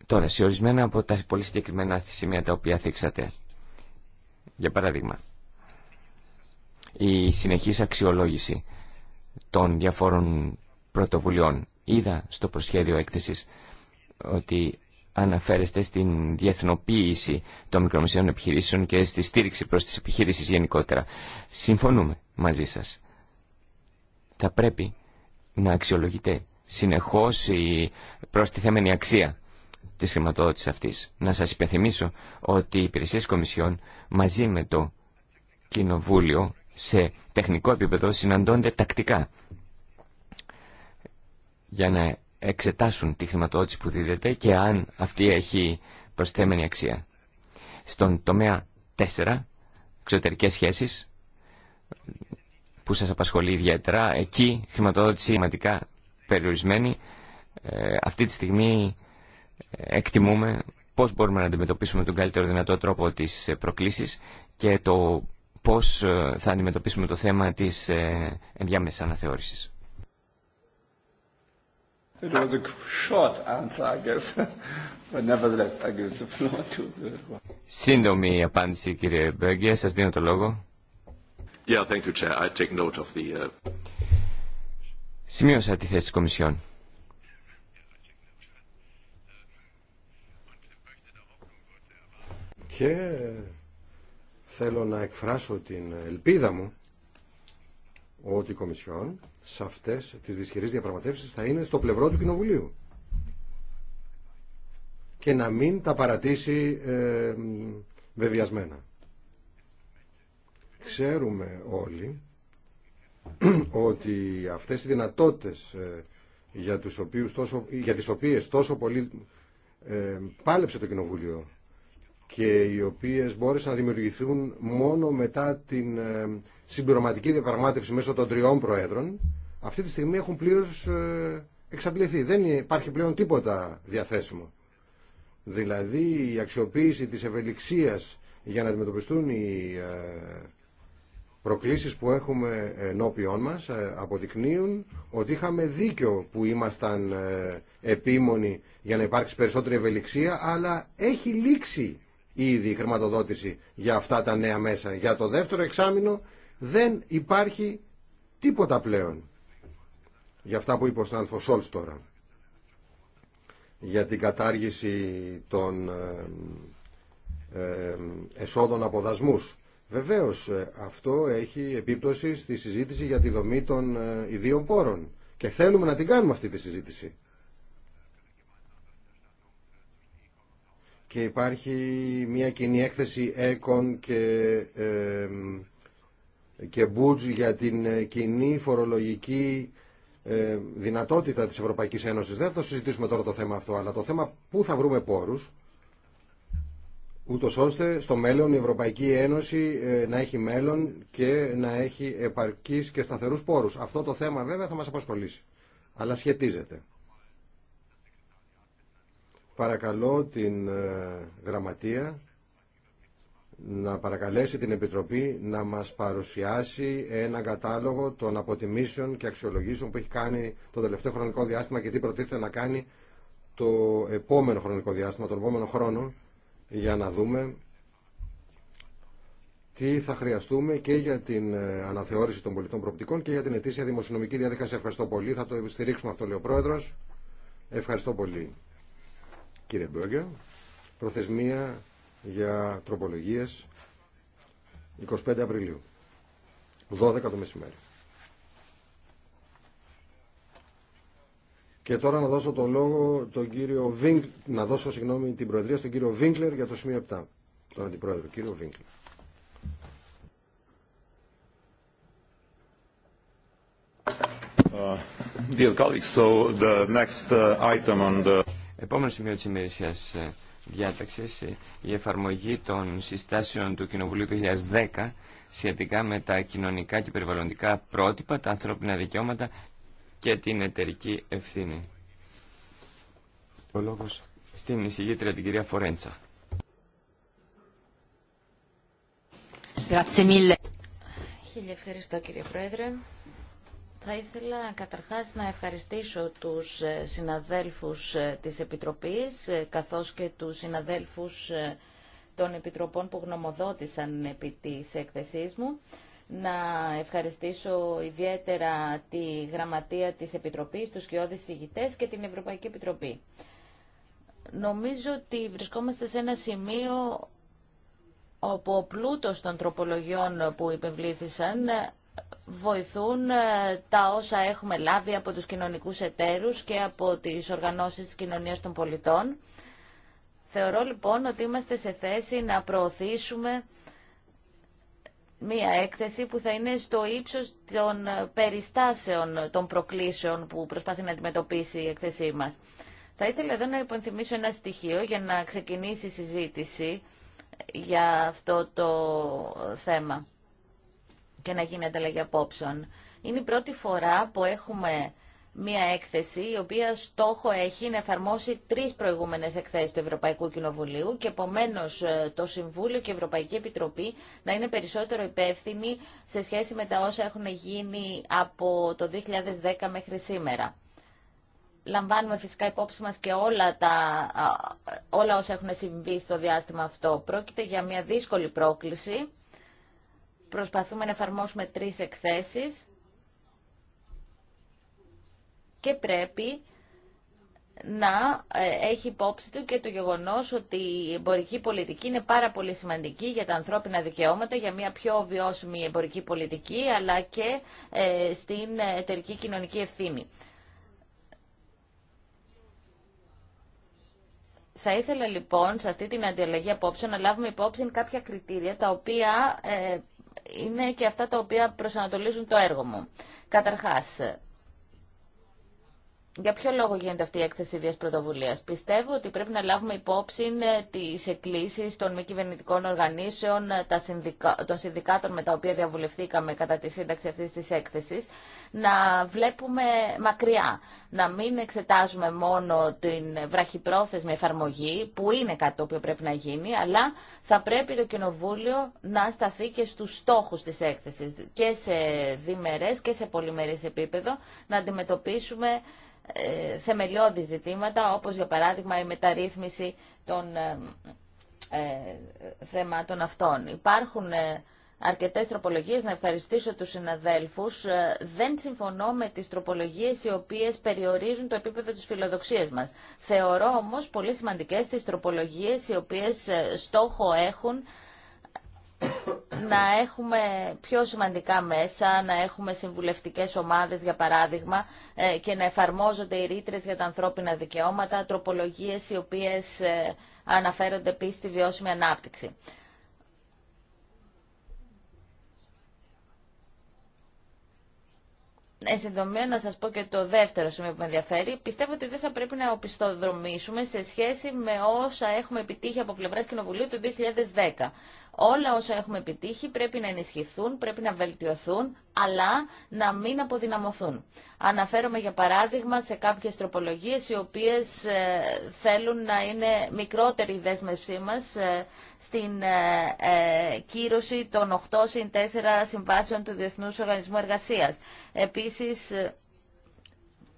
Τώρα, σε ορισμένα από τα πολύ συγκεκριμένα σημεία τα οποία θίξατε, για παράδειγμα, η συνεχής αξιολόγηση των διαφόρων πρωτοβουλειών. Είδα στο προσχέδιο έκθεσης ότι αναφέρεστε στην διεθνοποίηση των μικρομεσαίων επιχειρήσεων και στη στήριξη προς τις επιχείρησεις γενικότερα. Συμφωνούμε μαζί σας. Θα πρέπει να αξιολογείται συνεχώς η προστιθέμενη αξία της χρηματοδότησης αυτής. Να σας υπενθυμίσω ότι οι Υπηρεσίε Κομισιόν μαζί με το Κοινοβούλιο σε τεχνικό επίπεδο συναντώνται τακτικά για να εξετάσουν τη χρηματοδότηση που δίδεται και αν αυτή έχει προσθέμενη αξία. Στον τομέα 4, εξωτερικές σχέσεις, που σας απασχολεί ιδιαίτερα, εκεί χρηματοδότηση σημαντικά περιορισμένη. Ε, αυτή τη στιγμή εκτιμούμε πώς μπορούμε να αντιμετωπίσουμε τον καλύτερο δυνατό τρόπο τις ε, προκλήσεις και το πώς ε, θα αντιμετωπίσουμε το θέμα της ε, ενδιάμεσης αναθεώρησης. It was a Σύντομη απάντηση, κύριε Μπέγκε. Σας δίνω το λόγο. Yeah, thank you, Chair. I take note of the... Uh, Σημείωσα τη θέση της Κομισιόν. και θέλω να εκφράσω την ελπίδα μου ότι η Κομισιόν σε αυτές τις δυσχερείς διαπραγματεύσεις θα είναι στο πλευρό του Κοινοβουλίου και να μην τα παρατήσει ε, βεβιασμένα. Ξέρουμε όλοι ότι αυτές οι δυνατότητες ε, για, τους οποίους τόσο, για τις οποίες τόσο πολύ ε, πάλεψε το Κοινοβούλιο και οι οποίες μπόρεσαν να δημιουργηθούν μόνο μετά την ε, συμπληρωματική διαπραγμάτευση μέσω των τριών προέδρων, αυτή τη στιγμή έχουν πλήρως ε, εξαντληθεί. Δεν υπάρχει πλέον τίποτα διαθέσιμο. Δηλαδή η αξιοποίηση της ευελιξίας για να αντιμετωπιστούν οι ε, προκλήσεις που έχουμε ενώπιόν μας αποδεικνύουν ότι είχαμε δίκιο που ήμασταν επίμονοι για να υπάρξει περισσότερη ευελιξία αλλά έχει λήξει ήδη η χρηματοδότηση για αυτά τα νέα μέσα. Για το δεύτερο εξάμεινο δεν υπάρχει τίποτα πλέον. Για αυτά που είπε ο Σνάλφος Σόλτς τώρα. Για την κατάργηση των ε, ε, εσόδων από Βεβαίως ε, αυτό έχει επίπτωση στη συζήτηση για τη δομή των ιδίων πόρων. Και θέλουμε να την κάνουμε αυτή τη συζήτηση. και υπάρχει μια κοινή έκθεση ΕΚΟΝ και, ε, και Μπούτζ για την ε, κοινή φορολογική ε, δυνατότητα της Ευρωπαϊκής Ένωσης. Δεν θα το συζητήσουμε τώρα το θέμα αυτό, αλλά το θέμα πού θα βρούμε πόρους, ούτως ώστε στο μέλλον η Ευρωπαϊκή Ένωση ε, να έχει μέλλον και να έχει επαρκείς και σταθερούς πόρους. Αυτό το θέμα βέβαια θα μας απασχολήσει, αλλά σχετίζεται. Παρακαλώ την ε, Γραμματεία να παρακαλέσει την Επιτροπή να μας παρουσιάσει ένα κατάλογο των αποτιμήσεων και αξιολογήσεων που έχει κάνει το τελευταίο χρονικό διάστημα και τι προτίθεται να κάνει το επόμενο χρονικό διάστημα, τον επόμενο χρόνο, για να δούμε τι θα χρειαστούμε και για την ε, αναθεώρηση των πολιτών προοπτικών και για την ετήσια δημοσιονομική διαδικασία. Ευχαριστώ πολύ. Θα το στηρίξουμε αυτό, λέει ο Πρόεδρος. Ευχαριστώ πολύ κύριε Μπέγκερ. Προθεσμία για τροπολογίες 25 Απριλίου, 12 το μεσημέρι. Και τώρα να δώσω το λόγο τον κύριο να δώσω συγγνώμη την Προεδρία στον κύριο Βίγκλερ για το σημείο 7. Τον Αντιπρόεδρο, κύριο Βίγκλερ. Uh, dear colleagues, so the next uh, item on the... Επόμενο σημείο της ημερησίας ε, διάταξης, ε, η εφαρμογή των συστάσεων του Κοινοβουλίου του 2010 σχετικά με τα κοινωνικά και περιβαλλοντικά πρότυπα, τα ανθρώπινα δικαιώματα και την εταιρική ευθύνη. Ο λόγος στην εισηγήτρια την κυρία Φορέντσα. ευχαριστώ κύριε Πρόεδρε. Θα ήθελα καταρχάς να ευχαριστήσω τους ε, συναδέλφους ε, της Επιτροπής ε, καθώς και τους συναδέλφους των Επιτροπών που γνωμοδότησαν επί της έκθεσής μου. Να ευχαριστήσω ιδιαίτερα τη Γραμματεία της Επιτροπής, τους κοιόδης ηγητές και την Ευρωπαϊκή Επιτροπή. Νομίζω ότι βρισκόμαστε σε ένα σημείο όπου ο πλούτος των τροπολογιών που υπευλήθησαν βοηθούν ε, τα όσα έχουμε λάβει από τους κοινωνικούς εταίρους και από τις οργανώσεις της κοινωνίας των πολιτών. Θεωρώ λοιπόν ότι είμαστε σε θέση να προωθήσουμε μία έκθεση που θα είναι στο ύψος των ε, περιστάσεων, ε, των προκλήσεων που προσπαθεί να αντιμετωπίσει η έκθεσή μας. Θα ήθελα εδώ να υποθυμίσω ένα στοιχείο για να ξεκινήσει η συζήτηση για αυτό το θέμα και να γίνει ανταλλαγή απόψεων. Είναι η πρώτη φορά που έχουμε μία έκθεση η οποία στόχο έχει να εφαρμόσει τρεις προηγούμενες εκθέσεις του Ευρωπαϊκού Κοινοβουλίου και επομένω ε, το Συμβούλιο και η Ευρωπαϊκή Επιτροπή να είναι περισσότερο υπεύθυνοι σε σχέση με τα όσα έχουν γίνει από το 2010 μέχρι σήμερα. Λαμβάνουμε φυσικά υπόψη μας και όλα, τα, όλα όσα έχουν συμβεί στο διάστημα αυτό. Πρόκειται για μια δύσκολη πρόκληση Προσπαθούμε να εφαρμόσουμε τρεις εκθέσεις και πρέπει να ε, έχει υπόψη του και το γεγονός ότι η εμπορική πολιτική είναι πάρα πολύ σημαντική για τα ανθρώπινα δικαιώματα, για μια πιο βιώσιμη εμπορική πολιτική, αλλά και ε, στην εταιρική κοινωνική ευθύνη. Θα ήθελα λοιπόν σε αυτή την αντιαλλαγή απόψε να λάβουμε υπόψη κάποια κριτήρια τα οποία ε, είναι και αυτά τα οποία προσανατολίζουν το έργο μου. Καταρχάς, για ποιο λόγο γίνεται αυτή η έκθεση ίδια πρωτοβουλία. Πιστεύω ότι πρέπει να λάβουμε υπόψη ε, τι εκκλήσει των μη κυβερνητικών οργανώσεων, ε, των συνδικάτων με τα οποία διαβουλευτήκαμε κατά τη σύνταξη αυτή τη έκθεση, να βλέπουμε μακριά. Να μην εξετάζουμε μόνο την βραχυπρόθεσμη εφαρμογή, που είναι κάτι το οποίο πρέπει να γίνει, αλλά θα πρέπει το Κοινοβούλιο να σταθεί και στου στόχου τη έκθεση και σε διμερέ και σε πολυμερέ επίπεδο να αντιμετωπίσουμε ε, θεμελιώδη ζητήματα, όπως για παράδειγμα η μεταρρύθμιση των ε, ε, θεμάτων αυτών. Υπάρχουν ε, αρκετές τροπολογίες, να ευχαριστήσω τους συναδέλφους. Ε, δεν συμφωνώ με τις τροπολογίες οι οποίες περιορίζουν το επίπεδο της φιλοδοξίας μας. Θεωρώ όμως πολύ σημαντικές τις τροπολογίες οι οποίες στόχο έχουν να έχουμε πιο σημαντικά μέσα, να έχουμε συμβουλευτικές ομάδες για παράδειγμα ε, και να εφαρμόζονται οι ρήτρες για τα ανθρώπινα δικαιώματα, τροπολογίες οι οποίες ε, αναφέρονται επίσης στη βιώσιμη ανάπτυξη. Εν να σας πω και το δεύτερο σημείο που με ενδιαφέρει. Πιστεύω ότι δεν θα πρέπει να οπισθοδρομήσουμε σε σχέση με όσα έχουμε επιτύχει από πλευρά Κοινοβουλίου του 2010. Όλα όσα έχουμε επιτύχει πρέπει να ενισχυθούν, πρέπει να βελτιωθούν, αλλά να μην αποδυναμωθούν. Αναφέρομαι για παράδειγμα σε κάποιες τροπολογίες οι οποίες ε, θέλουν να είναι μικρότερη η δέσμευσή μας ε, στην ε, ε, κύρωση των 8 συν 4 συμβάσεων του Διεθνούς Οργανισμού Εργασίας. Επίσης,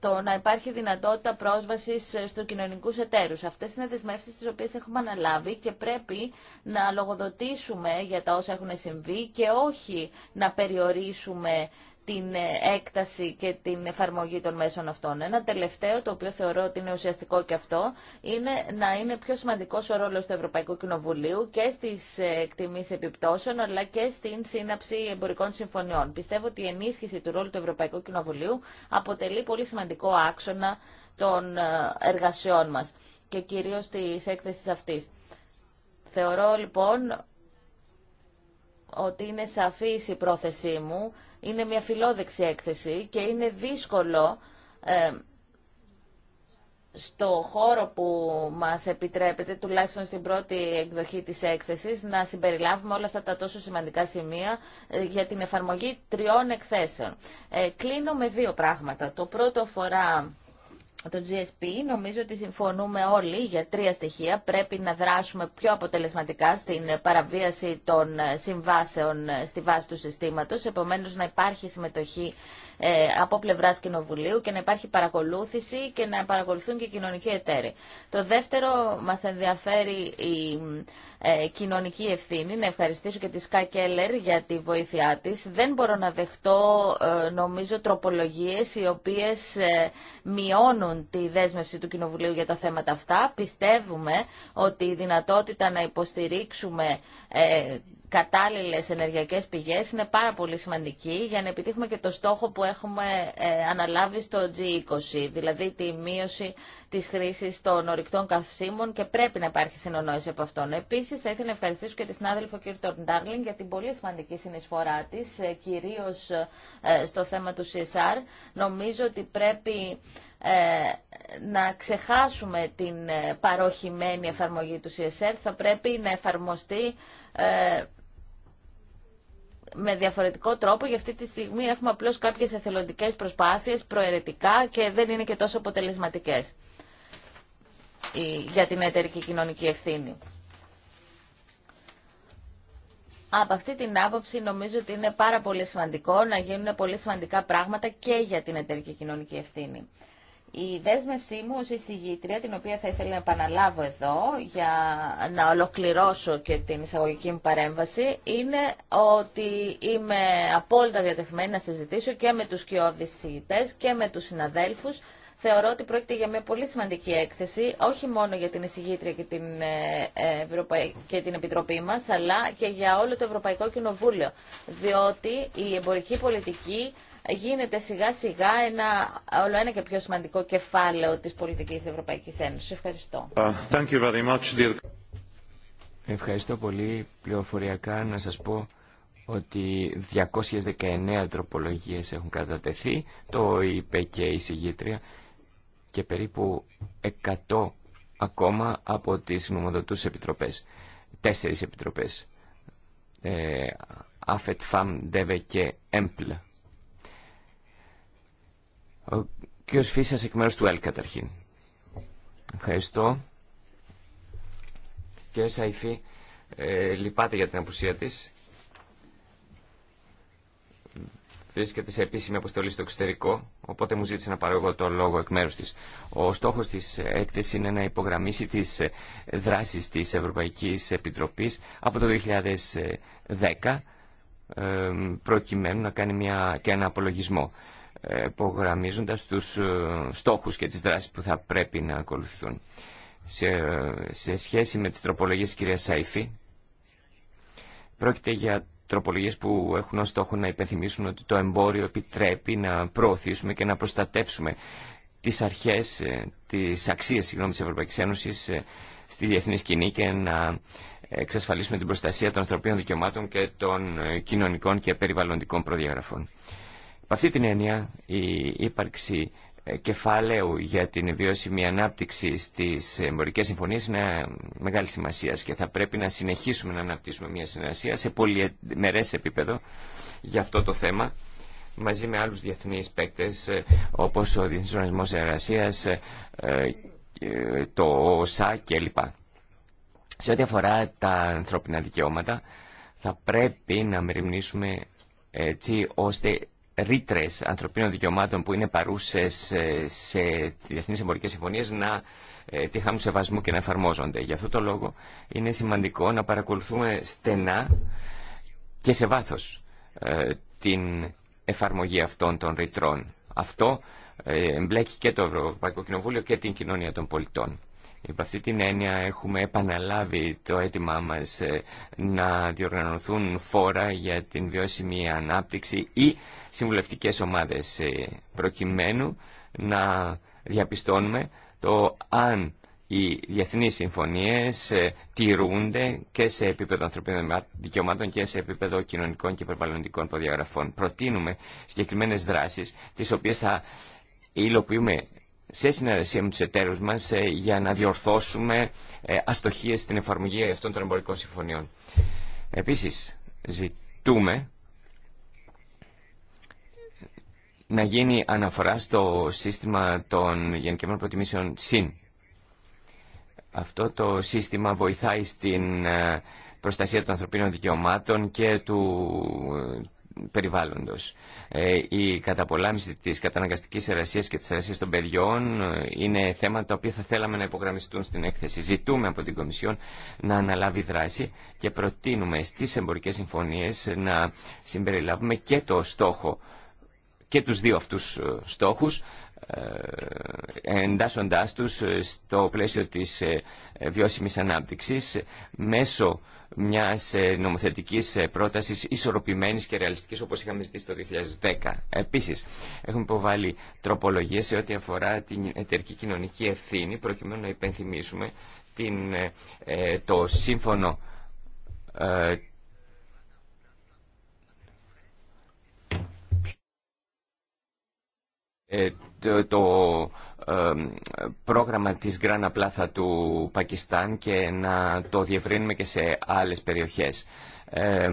το να υπάρχει δυνατότητα πρόσβασης στου κοινωνικού εταίρους. Αυτές είναι δεσμεύσει τις οποίες έχουμε αναλάβει και πρέπει να λογοδοτήσουμε για τα όσα έχουν συμβεί και όχι να περιορίσουμε την ε, έκταση και την εφαρμογή των μέσων αυτών. Ένα τελευταίο, το οποίο θεωρώ ότι είναι ουσιαστικό και αυτό, είναι να είναι πιο σημαντικός ο ρόλος του Ευρωπαϊκού Κοινοβουλίου και στις ε, εκτιμήσεις επιπτώσεων, αλλά και στην σύναψη εμπορικών συμφωνιών. Πιστεύω ότι η ενίσχυση του ρόλου του Ευρωπαϊκού Κοινοβουλίου αποτελεί πολύ σημαντικό άξονα των ε, εργασιών μας και κυρίως της έκθεσης αυτής. Θεωρώ λοιπόν ότι είναι σαφής η πρόθεσή μου είναι μια φιλόδεξη έκθεση και είναι δύσκολο ε, στο χώρο που μας επιτρέπεται, τουλάχιστον στην πρώτη εκδοχή της έκθεσης, να συμπεριλάβουμε όλα αυτά τα τόσο σημαντικά σημεία ε, για την εφαρμογή τριών εκθέσεων. Ε, κλείνω με δύο πράγματα. Το πρώτο αφορά το GSP νομίζω ότι συμφωνούμε όλοι για τρία στοιχεία. Πρέπει να δράσουμε πιο αποτελεσματικά στην παραβίαση των συμβάσεων στη βάση του συστήματος, επομένως να υπάρχει συμμετοχή ε, από πλευρά Κοινοβουλίου και να υπάρχει παρακολούθηση και να παρακολουθούν και κοινωνικοί εταίροι. Το δεύτερο μα ενδιαφέρει η ε, κοινωνική ευθύνη. Να ευχαριστήσω και τη Σκά Κέλλερ για τη βοήθειά τη. Δεν μπορώ να δεχτώ, ε, νομίζω, τροπολογίε οι οποίε μειώνουν τη δέσμευση του Κοινοβουλίου για τα θέματα αυτά. Πιστεύουμε ότι η δυνατότητα να υποστηρίξουμε κατάλληλες ενεργειακές πηγές είναι πάρα πολύ σημαντική για να επιτύχουμε και το στόχο που έχουμε ε, αναλάβει στο G20, δηλαδή τη μείωση της χρήσης των ορυκτών καυσίμων και πρέπει να υπάρχει συνονόηση από αυτόν. Επίσης, θα ήθελα να ευχαριστήσω και τη συνάδελφο κ. Τόρνταρλινγκ για την πολύ σημαντική συνεισφορά της, ε, κυρίως ε, στο θέμα του CSR. Νομίζω ότι πρέπει να ξεχάσουμε την παροχημένη εφαρμογή του CSR, θα πρέπει να εφαρμοστεί με διαφορετικό τρόπο, για αυτή τη στιγμή έχουμε απλώς κάποιες εθελοντικές προσπάθειες προαιρετικά και δεν είναι και τόσο αποτελεσματικές για την εταιρική κοινωνική ευθύνη. Από αυτή την άποψη νομίζω ότι είναι πάρα πολύ σημαντικό να γίνουν πολύ σημαντικά πράγματα και για την εταιρική κοινωνική ευθύνη η δέσμευσή μου ως εισηγήτρια, την οποία θα ήθελα να επαναλάβω εδώ για να ολοκληρώσω και την εισαγωγική μου παρέμβαση, είναι ότι είμαι απόλυτα διατεθειμένη να συζητήσω και με τους κοιόδης και με τους συναδέλφους. Θεωρώ ότι πρόκειται για μια πολύ σημαντική έκθεση, όχι μόνο για την εισηγήτρια και την, ε, ευρωπα και την Επιτροπή μας, αλλά και για όλο το Ευρωπαϊκό Κοινοβούλιο, διότι η εμπορική πολιτική γίνεται σιγά σιγά ένα όλο ένα και πιο σημαντικό κεφάλαιο της πολιτικής Ευρωπαϊκής Ένωσης. Ευχαριστώ. Uh, thank you very much, Ευχαριστώ πολύ. Πληροφοριακά να σας πω ότι 219 τροπολογίες έχουν κατατεθεί, το είπε και η συγγήτρια, και περίπου 100 ακόμα από τις νομοδοτούς επιτροπές. Τέσσερις επιτροπές. Ε, ΑΦΕΤ, και ΕΜΠΛ. Ο κ. Φίσας εκ μέρους του ΕΛ καταρχήν. Ευχαριστώ. Κ. Σαϊφή, ε, λυπάται για την απουσία της. Βρίσκεται σε επίσημη αποστολή στο εξωτερικό, οπότε μου ζήτησε να πάρω εγώ το λόγο εκ μέρους της. Ο στόχος της έκθεσης είναι να υπογραμμίσει τις ε, δράσεις της Ευρωπαϊκής Επιτροπής από το 2010 ε, προκειμένου να κάνει μια, και ένα απολογισμό υπογραμμίζοντας τους ε, στόχους και τις δράσεις που θα πρέπει να ακολουθούν. Σε, σε σχέση με τις τροπολογίες κυρία Σαϊφή, πρόκειται για τροπολογίες που έχουν ως στόχο να υπενθυμίσουν ότι το εμπόριο επιτρέπει να προωθήσουμε και να προστατεύσουμε τις αρχές, ε, τις αξίες συγγνώμη, της Ευρωπαϊκής Ένωσης ε, στη διεθνή σκηνή και να εξασφαλίσουμε την προστασία των ανθρωπίνων δικαιωμάτων και των κοινωνικών και περιβαλλοντικών προδιαγραφών. Από αυτή την έννοια η ύπαρξη ε, κεφαλαίου για την βιώσιμη ανάπτυξη στις εμπορικές συμφωνίες είναι μεγάλη σημασία και θα πρέπει να συνεχίσουμε να αναπτύσσουμε μια συνεργασία σε πολυμερές επίπεδο για αυτό το θέμα μαζί με άλλους διεθνείς παίκτες ε, όπως ο Διεθνής Οργανισμός Εργασίας, ε, το ΩΣΑ κλπ. Σε ό,τι αφορά τα ανθρώπινα δικαιώματα θα πρέπει να μεριμνήσουμε έτσι ώστε ρήτρε ανθρωπίνων δικαιωμάτων που είναι παρούσε ε, σε διεθνεί εμπορικέ συμφωνίε να ε, τυχάνουν σεβασμού και να εφαρμόζονται. Γι' αυτό το λόγο είναι σημαντικό να παρακολουθούμε στενά και σε βάθο ε, την εφαρμογή αυτών των ρητρών. Αυτό εμπλέκει και το Ευρωπαϊκό Κοινοβούλιο και την κοινωνία των πολιτών. Υπ' αυτή την έννοια έχουμε επαναλάβει το αίτημά μας ε, να διοργανωθούν φόρα για την βιώσιμη ανάπτυξη ή συμβουλευτικές ομάδες ε, προκειμένου να διαπιστώνουμε το αν οι διεθνείς συμφωνίες ε, τηρούνται και σε επίπεδο ανθρωπίνων δικαιωμάτων και σε επίπεδο κοινωνικών και περιβαλλοντικών προδιαγραφών. Προτείνουμε συγκεκριμένες δράσεις, τις οποίες θα υλοποιούμε σε συνεργασία με τους εταίρους μας ε, για να διορθώσουμε ε, αστοχίες στην εφαρμογή αυτών των εμπορικών συμφωνιών. Επίσης, ζητούμε να γίνει αναφορά στο σύστημα των γενικευμένων προτιμήσεων ΣΥΝ. Αυτό το σύστημα βοηθάει στην ε, προστασία των ανθρωπίνων δικαιωμάτων και του, περιβάλλοντος. Ε, η καταπολάμηση της καταναγκαστικής εργασίας και της εργασίας των παιδιών ε, είναι θέματα τα οποία θα θέλαμε να υπογραμμιστούν στην έκθεση. Ζητούμε από την Κομισιόν να αναλάβει δράση και προτείνουμε στις εμπορικές συμφωνίες να συμπεριλάβουμε και το στόχο και τους δύο αυτούς ε, στόχους εντάσσοντάς τους στο πλαίσιο της βιώσιμης ανάπτυξης μέσω μιας ε, νομοθετικής ε, πρότασης ισορροπημένης και ρεαλιστικής όπως είχαμε ζητήσει το 2010. Επίσης, έχουμε υποβάλει τροπολογίες σε ό,τι αφορά την εταιρική κοινωνική ευθύνη προκειμένου να υπενθυμίσουμε την, ε, το σύμφωνο Ε, το, το ε, πρόγραμμα της Γκράνα Πλάθα του Πακιστάν και να το διευρύνουμε και σε άλλες περιοχές. Ε,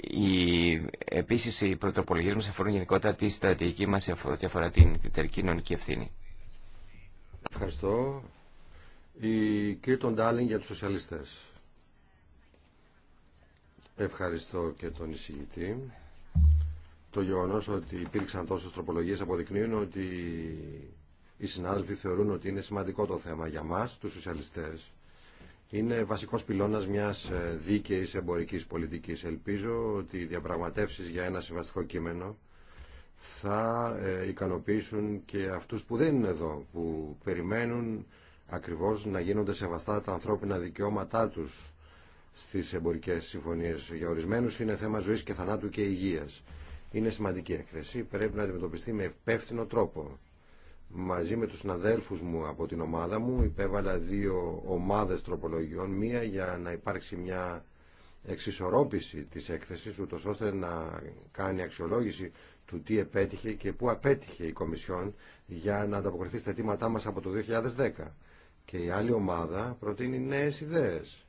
η, ε, επίσης οι πρωτοπολογίες μας αφορούν γενικότερα τη στρατηγική μας ό,τι αφορά την κοινωνική ευθύνη. Ευχαριστώ. Η Κρήτον Ντάλινγκ για τους σοσιαλιστές. Ευχαριστώ και τον εισηγητή το γεγονό ότι υπήρξαν τόσε τροπολογίε αποδεικνύουν ότι οι συνάδελφοι θεωρούν ότι είναι σημαντικό το θέμα για μα, του σοσιαλιστέ. Είναι βασικό πυλώνα μια ε, δίκαιη εμπορική πολιτική. Ελπίζω ότι οι διαπραγματεύσει για ένα συμβαστικό κείμενο θα ε, ικανοποιήσουν και αυτούς που δεν είναι εδώ, που περιμένουν ακριβώς να γίνονται σεβαστά τα ανθρώπινα δικαιώματά τους στις εμπορικές συμφωνίες. Για ορισμένους είναι θέμα ζωής και θανάτου και υγείας. Είναι σημαντική έκθεση, πρέπει να αντιμετωπιστεί με υπεύθυνο τρόπο. Μαζί με τους συναδέλφους μου από την ομάδα μου υπέβαλα δύο ομάδες τροπολογιών, μία για να υπάρξει μια εξισορρόπηση της έκθεσης, ούτως ώστε να κάνει αξιολόγηση του τι επέτυχε και πού απέτυχε η Κομισιόν για να ανταποκριθεί στα αιτήματά μας από το 2010. Και η άλλη ομάδα προτείνει νέες ιδέες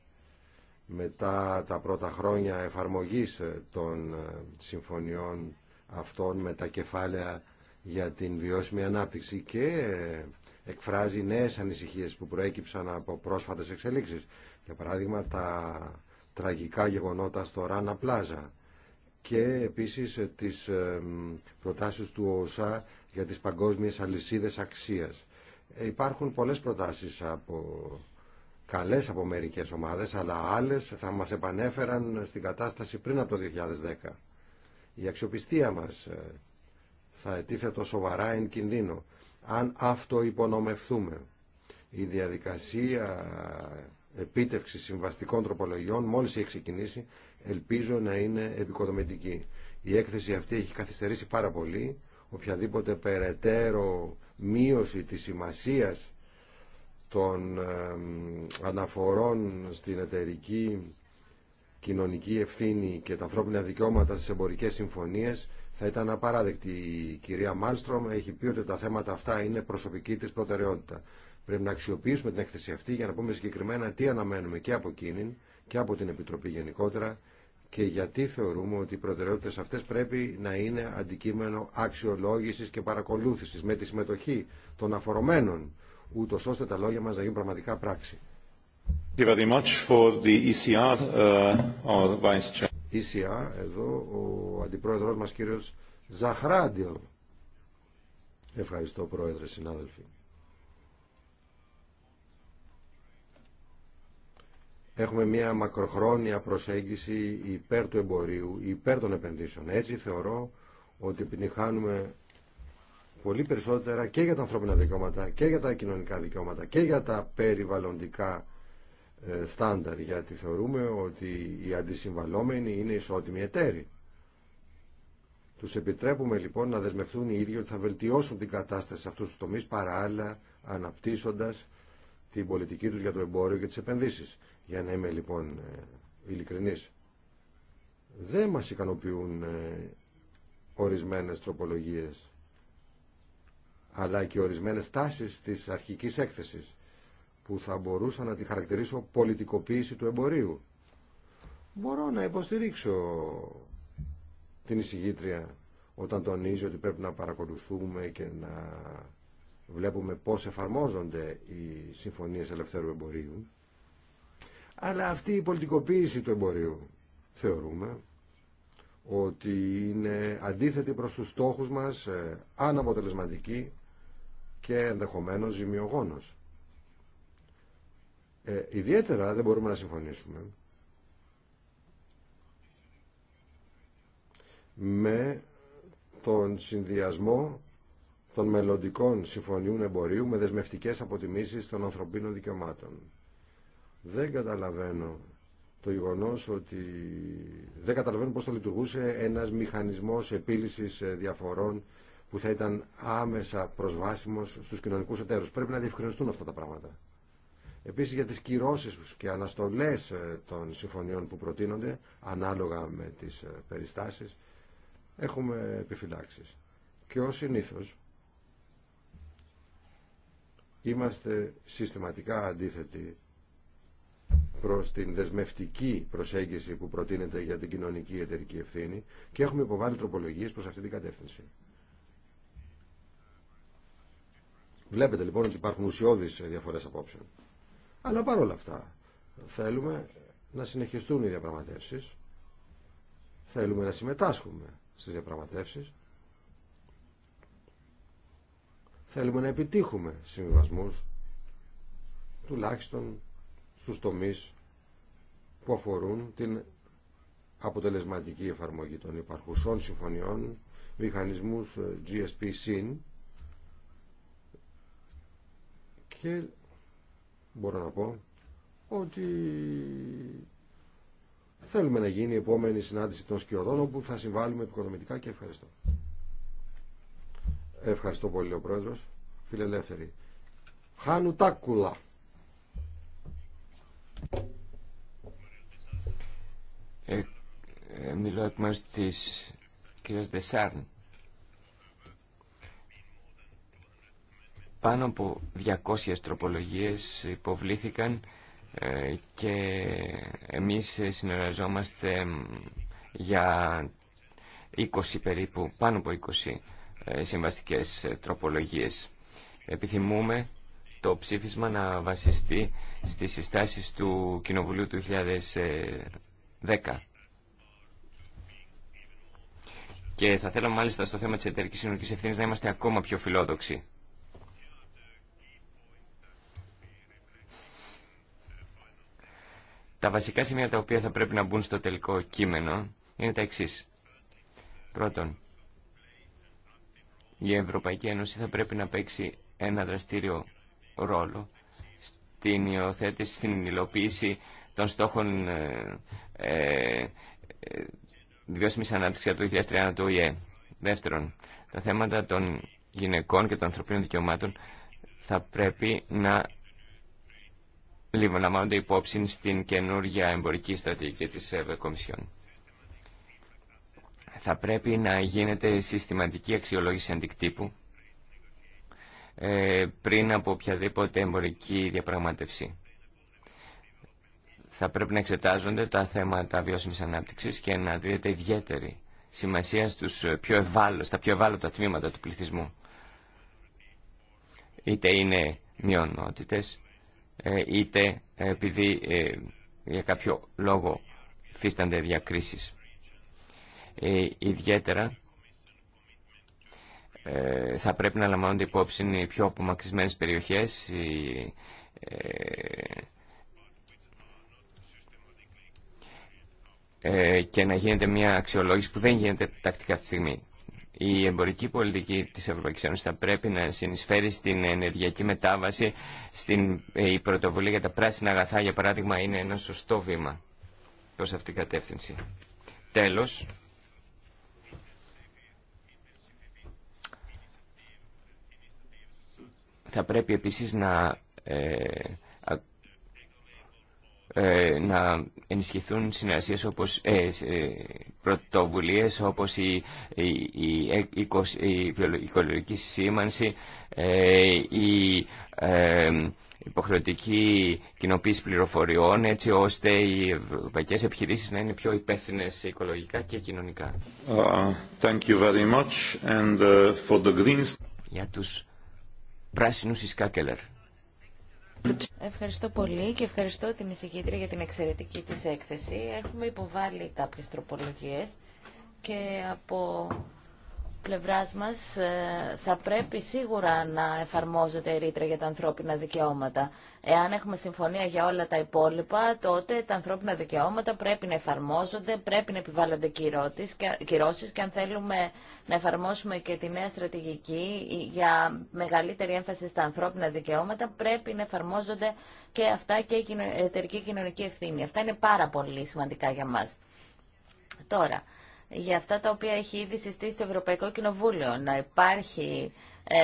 μετά τα πρώτα χρόνια εφαρμογής ε, των ε, συμφωνιών αυτών με τα κεφάλαια για την βιώσιμη ανάπτυξη και ε, εκφράζει νέες ανησυχίες που προέκυψαν από πρόσφατες εξελίξεις. Για παράδειγμα τα τραγικά γεγονότα στο Ράνα Πλάζα και επίσης τις προτάσεις του ΟΣΑ για τις παγκόσμιες αλυσίδες αξίας. Υπάρχουν πολλές προτάσεις από καλές από μερικές ομάδες, αλλά άλλες θα μας επανέφεραν στην κατάσταση πριν από το 2010. Η αξιοπιστία μας ε, θα ετίθετο σοβαρά εν κινδύνο, αν αυτοϋπονομευθούμε. Η διαδικασία επίτευξης συμβαστικών τροπολογιών μόλις έχει ξεκινήσει, ελπίζω να είναι επικοδομητική. Η έκθεση αυτή έχει καθυστερήσει πάρα πολύ. Οποιαδήποτε περαιτέρω μείωση της σημασίας των αναφορών στην εταιρική κοινωνική ευθύνη και τα ανθρώπινα δικαιώματα στις εμπορικές συμφωνίες θα ήταν απαράδεκτη. Η κυρία Μάλστρομ έχει πει ότι τα θέματα αυτά είναι προσωπική της προτεραιότητα. Πρέπει να αξιοποιήσουμε την έκθεση αυτή για να πούμε συγκεκριμένα τι αναμένουμε και από εκείνη και από την Επιτροπή γενικότερα και γιατί θεωρούμε ότι οι προτεραιότητες αυτές πρέπει να είναι αντικείμενο αξιολόγησης και παρακολούθησης με τη συμμετοχή των αφορομένων ούτω ώστε τα λόγια μα να γίνουν πραγματικά πράξη. ECR, e uh, e εδώ ο αντιπρόεδρος μας κύριος Ζαχράντιλ. Ευχαριστώ πρόεδρε συνάδελφοι. Έχουμε μια μακροχρόνια προσέγγιση υπέρ του εμπορίου, υπέρ των επενδύσεων. Έτσι θεωρώ ότι επιτυχάνουμε πολύ περισσότερα και για τα ανθρώπινα δικαιώματα και για τα κοινωνικά δικαιώματα και για τα περιβαλλοντικά ε, στάνταρ γιατί θεωρούμε ότι οι αντισυμβαλόμενοι είναι ισότιμοι εταίροι. Τους επιτρέπουμε λοιπόν να δεσμευτούν οι ίδιοι ότι θα βελτιώσουν την κατάσταση σε αυτούς τους τομείς παράλληλα αναπτύσσοντας την πολιτική τους για το εμπόριο και τις επενδύσεις. Για να είμαι λοιπόν ε, ειλικρινής. Δεν μας ικανοποιούν ε, ορισμένες τροπολογίες αλλά και ορισμένες τάσεις της αρχικής έκθεσης που θα μπορούσα να τη χαρακτηρίσω πολιτικοποίηση του εμπορίου. Μπορώ να υποστηρίξω την εισηγήτρια όταν τονίζει ότι πρέπει να παρακολουθούμε και να βλέπουμε πώς εφαρμόζονται οι συμφωνίες ελευθέρου εμπορίου. Αλλά αυτή η πολιτικοποίηση του εμπορίου θεωρούμε ότι είναι αντίθετη προς τους στόχους μας, ε, αναποτελεσματική και ενδεχομένως ζημιογόνος. Ε, ιδιαίτερα δεν μπορούμε να συμφωνήσουμε με τον συνδυασμό των μελλοντικών συμφωνιών εμπορίου με δεσμευτικές αποτιμήσεις των ανθρωπίνων δικαιωμάτων. Δεν καταλαβαίνω το γεγονό ότι δεν καταλαβαίνω πώς θα λειτουργούσε ένας μηχανισμός επίλυσης ε, διαφορών που θα ήταν άμεσα προσβάσιμος στους κοινωνικούς εταίρους. Πρέπει να διευκρινιστούν αυτά τα πράγματα. Επίσης για τις κυρώσεις και αναστολές ε, των συμφωνιών που προτείνονται, ανάλογα με τις ε, περιστάσεις, έχουμε επιφυλάξεις. Και ως συνήθως, είμαστε συστηματικά αντίθετοι προς την δεσμευτική προσέγγιση που προτείνεται για την κοινωνική εταιρική ευθύνη και έχουμε υποβάλει τροπολογίες προς αυτή την κατεύθυνση. Βλέπετε λοιπόν ότι υπάρχουν ουσιώδεις διαφορές απόψεων. Αλλά παρόλα αυτά θέλουμε να συνεχιστούν οι διαπραγματεύσεις, θέλουμε να συμμετάσχουμε στις διαπραγματεύσεις, θέλουμε να επιτύχουμε συμβιβασμούς, τουλάχιστον στους τομείς που αφορούν την αποτελεσματική εφαρμογή των υπαρχουσών συμφωνιών, μηχανισμούς ε, GSP-SYN, Και μπορώ να πω ότι θέλουμε να γίνει η επόμενη συνάντηση των σκιωδών όπου θα συμβάλλουμε επικοδομητικά και ευχαριστώ. Ευχαριστώ πολύ ο Πρόεδρος. Φιλελεύθερη. Χάνου Τάκουλα. Ε, ε, μιλώ εκ μέρους της κυρίας Δεσάρν πάνω από 200 τροπολογίες υποβλήθηκαν ε, και εμείς συνεργαζόμαστε για 20 περίπου, πάνω από 20 ε, συμβαστικές τροπολογίες. Επιθυμούμε το ψήφισμα να βασιστεί στις συστάσεις του Κοινοβουλίου του 2010. Και θα θέλαμε μάλιστα στο θέμα της εταιρικής συνολικής ευθύνης να είμαστε ακόμα πιο φιλόδοξοι. Τα βασικά σημεία τα οποία θα πρέπει να μπουν στο τελικό κείμενο είναι τα εξής. Πρώτον, η Ευρωπαϊκή Ένωση θα πρέπει να παίξει ένα δραστήριο ρόλο στην υιοθέτηση, στην υλοποίηση των στόχων ε, ε, ε ανάπτυξη 2030 του ΟΗΕ. Δεύτερον, τα θέματα των γυναικών και των ανθρωπίνων δικαιωμάτων θα πρέπει να λαμβάνονται υπόψη στην καινούργια εμπορική στρατηγική της Ευρωκομισιόν. Θα πρέπει να γίνεται συστηματική αξιολόγηση αντικτύπου ε, πριν από οποιαδήποτε εμπορική διαπραγμάτευση. Θα πρέπει να εξετάζονται τα θέματα βιώσιμης ανάπτυξης και να δίδεται ιδιαίτερη σημασία πιο ευάλω, στα πιο ευάλωτα τμήματα του πληθυσμού. Είτε είναι μειονότητες, ε, είτε ε, επειδή ε, για κάποιο λόγο φύστανται διακρίσεις. ιδιαίτερα θα πρέπει να λαμβάνονται υπόψη οι πιο απομακρυσμένες περιοχές, και να γίνεται μια αξιολόγηση που δεν γίνεται τακτικά αυτή τη στιγμή. Η εμπορική πολιτική της Ευρωπαϊκής Ένωσης θα πρέπει να συνεισφέρει στην ενεργειακή μετάβαση. Στην, ε, η πρωτοβουλία για τα πράσινα αγαθά, για παράδειγμα, είναι ένα σωστό βήμα προς αυτήν την κατεύθυνση. Τέλος, θα πρέπει επίσης να ε, ε, να ενισχυθούν συνεργασίες όπως ε, ε, πρωτοβουλίες όπως η, η, η, η οικολογική σήμανση, ε, η υποχρεωτική κοινοποίηση πληροφοριών έτσι ώστε οι ευρωπαϊκές επιχειρήσεις να είναι πιο υπεύθυνες οικολογικά και κοινωνικά. Uh, thank you very much. And, uh, for the Greens... Για τους πράσινους Ισκάκελερ. Ευχαριστώ πολύ και ευχαριστώ την εισηγήτρια για την εξαιρετική της έκθεση. Έχουμε υποβάλει κάποιες τροπολογίες και από πλευράς μας ε, θα πρέπει σίγουρα να εφαρμόζεται η ρήτρα για τα ανθρώπινα δικαιώματα. Εάν έχουμε συμφωνία για όλα τα υπόλοιπα, τότε τα ανθρώπινα δικαιώματα πρέπει να εφαρμόζονται, πρέπει να επιβάλλονται κυρώσει, και αν θέλουμε να εφαρμόσουμε και τη νέα στρατηγική για μεγαλύτερη έμφαση στα ανθρώπινα δικαιώματα, πρέπει να εφαρμόζονται και αυτά και η εταιρική κοινωνική ευθύνη. Αυτά είναι πάρα πολύ σημαντικά για μας. Τώρα, για αυτά τα οποία έχει ήδη συστήσει το Ευρωπαϊκό Κοινοβούλιο. Να υπάρχει ε,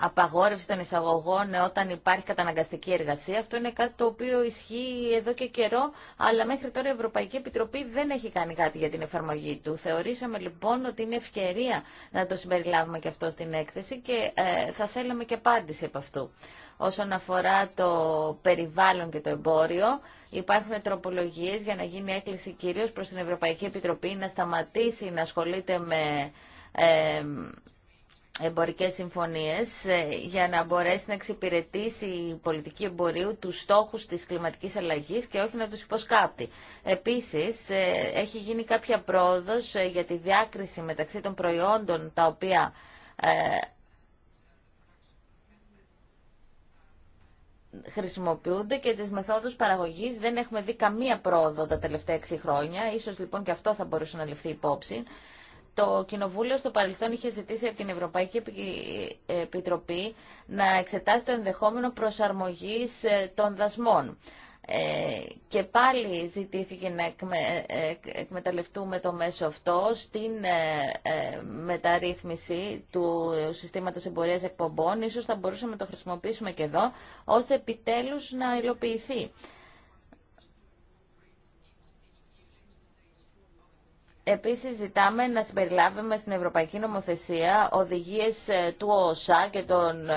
απαγόρευση των εισαγωγών όταν υπάρχει καταναγκαστική εργασία. Αυτό είναι κάτι το οποίο ισχύει εδώ και καιρό, αλλά μέχρι τώρα η Ευρωπαϊκή Επιτροπή δεν έχει κάνει κάτι για την εφαρμογή του. Θεωρήσαμε λοιπόν ότι είναι ευκαιρία να το συμπεριλάβουμε και αυτό στην έκθεση και ε, θα θέλαμε και απάντηση από αυτού όσον αφορά το περιβάλλον και το εμπόριο. Υπάρχουν τροπολογίε για να γίνει έκκληση κυρίω προς την Ευρωπαϊκή Επιτροπή να σταματήσει να ασχολείται με ε, εμπορικές συμφωνίες ε, για να μπορέσει να εξυπηρετήσει η πολιτική εμπορίου του στόχους της κλιματικής αλλαγής και όχι να τους υποσκάπτει. Επίσης, ε, έχει γίνει κάποια πρόοδος ε, για τη διάκριση μεταξύ των προϊόντων τα οποία χρησιμοποιούνται και τις μεθόδους παραγωγής δεν έχουμε δει καμία πρόοδο τα τελευταία 6 χρόνια. Ίσως λοιπόν και αυτό θα μπορούσε να ληφθεί υπόψη. Το Κοινοβούλιο στο παρελθόν είχε ζητήσει από την Ευρωπαϊκή Επιτροπή να εξετάσει το ενδεχόμενο προσαρμογής ε, των δασμών. Ε, και πάλι ζητήθηκε να ε, εκμεταλλευτούμε το μέσο αυτό στην ε, μεταρρύθμιση του συστήματος εμπορίας εκπομπών. Ίσως θα μπορούσαμε να το χρησιμοποιήσουμε και εδώ, ώστε επιτέλους να υλοποιηθεί. Επίση, ζητάμε να συμπεριλάβουμε στην Ευρωπαϊκή Νομοθεσία οδηγίες ε, του ΟΣΑ και των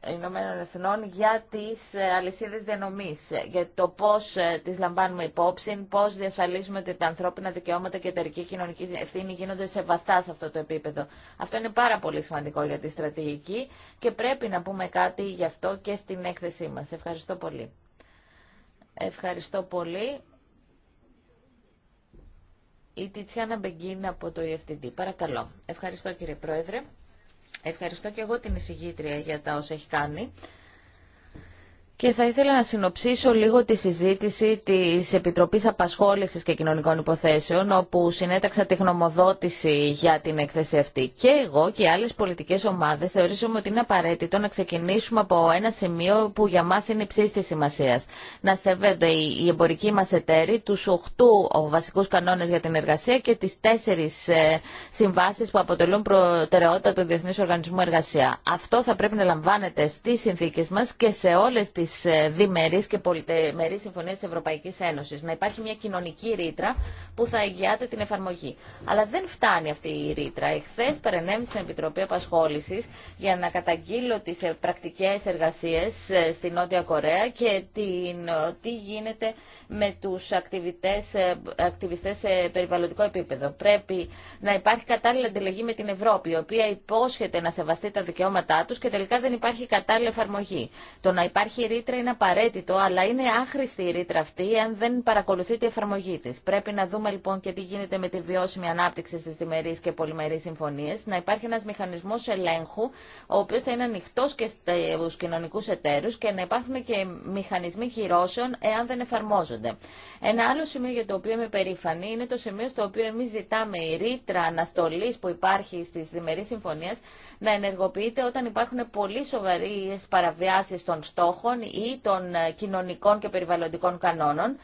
ε, Ηνωμένων Εθνών για τις ε, αλυσίδες διανομής, για το πώς τις λαμβάνουμε υπόψη, πώς διασφαλίζουμε ότι τα ανθρώπινα δικαιώματα και εταιρική κοινωνική ευθύνη γίνονται σεβαστά σε αυτό το επίπεδο. Αυτό είναι πάρα πολύ σημαντικό για τη στρατηγική και πρέπει να πούμε κάτι γι' αυτό και στην έκθεσή μας. Ευχαριστώ πολύ. Ευχαριστώ πολύ. Η Τιτσιάνα Μπεγκίν από το EFTD. Παρακαλώ. Ευχαριστώ κύριε Πρόεδρε. Ευχαριστώ και εγώ την εισηγήτρια για τα όσα έχει κάνει. Και θα ήθελα να συνοψίσω λίγο τη συζήτηση της Επιτροπής Απασχόλησης και Κοινωνικών Υποθέσεων, όπου συνέταξα τη γνωμοδότηση για την έκθεση αυτή. Και εγώ και άλλες πολιτικές ομάδες θεωρήσαμε ότι είναι απαραίτητο να ξεκινήσουμε από ένα σημείο που για μας είναι υψίστης σημασίας. Να σέβεται η εμπορική μας εταίρη του 8 βασικούς κανόνες για την εργασία και τις 4 ε, συμβάσεις που αποτελούν προτεραιότητα του Διεθνούς Οργανισμού Εργασία. Αυτό θα πρέπει να λαμβάνεται στις συνθήκες μας και σε όλες τις ε, διμερείς και πολυμερείς συμφωνίες της Ευρωπαϊκής Ένωσης. Να υπάρχει μια κοινωνική ρήτρα που θα εγγυάται την εφαρμογή. Αλλά δεν φτάνει αυτή η ρήτρα. Εχθές παρενέμει στην Επιτροπή Απασχόλησης για να καταγγείλω τις ε, πρακτικές εργασίες ε, στη Νότια Κορέα και την, τι γίνεται με τους ακτιβιστές σε περιβαλλοντικό επίπεδο. Πρέπει να υπάρχει κατάλληλη αντιλογή με την Ευρώπη, η οποία υπόσχεται να σεβαστεί τα δικαιώματά τους και τελικά δεν υπάρχει κατάλληλη εφαρμογή. Το να υπάρχει ρήτρα είναι απαραίτητο, αλλά είναι άχρηστη η ρήτρα αυτή αν δεν παρακολουθεί τη εφαρμογή τη. Πρέπει να δούμε λοιπόν και τι γίνεται με τη βιώσιμη ανάπτυξη στι διμερεί και πολυμερεί συμφωνίε, να υπάρχει ένα μηχανισμό ελέγχου, ο οποίο θα είναι ανοιχτό και στου κοινωνικού εταίρου και να υπάρχουν και μηχανισμοί κυρώσεων εάν δεν εφαρμόζονται. Ένα άλλο σημείο για το οποίο είμαι περήφανη είναι το σημείο στο οποίο εμεί ζητάμε η ρήτρα αναστολή που υπάρχει στι διμερεί συμφωνίε να ενεργοποιείται όταν υπάρχουν πολύ σοβαρέ παραβιάσει των στόχων ή των ε, κοινωνικών και περιβαλλοντικών κανόνων,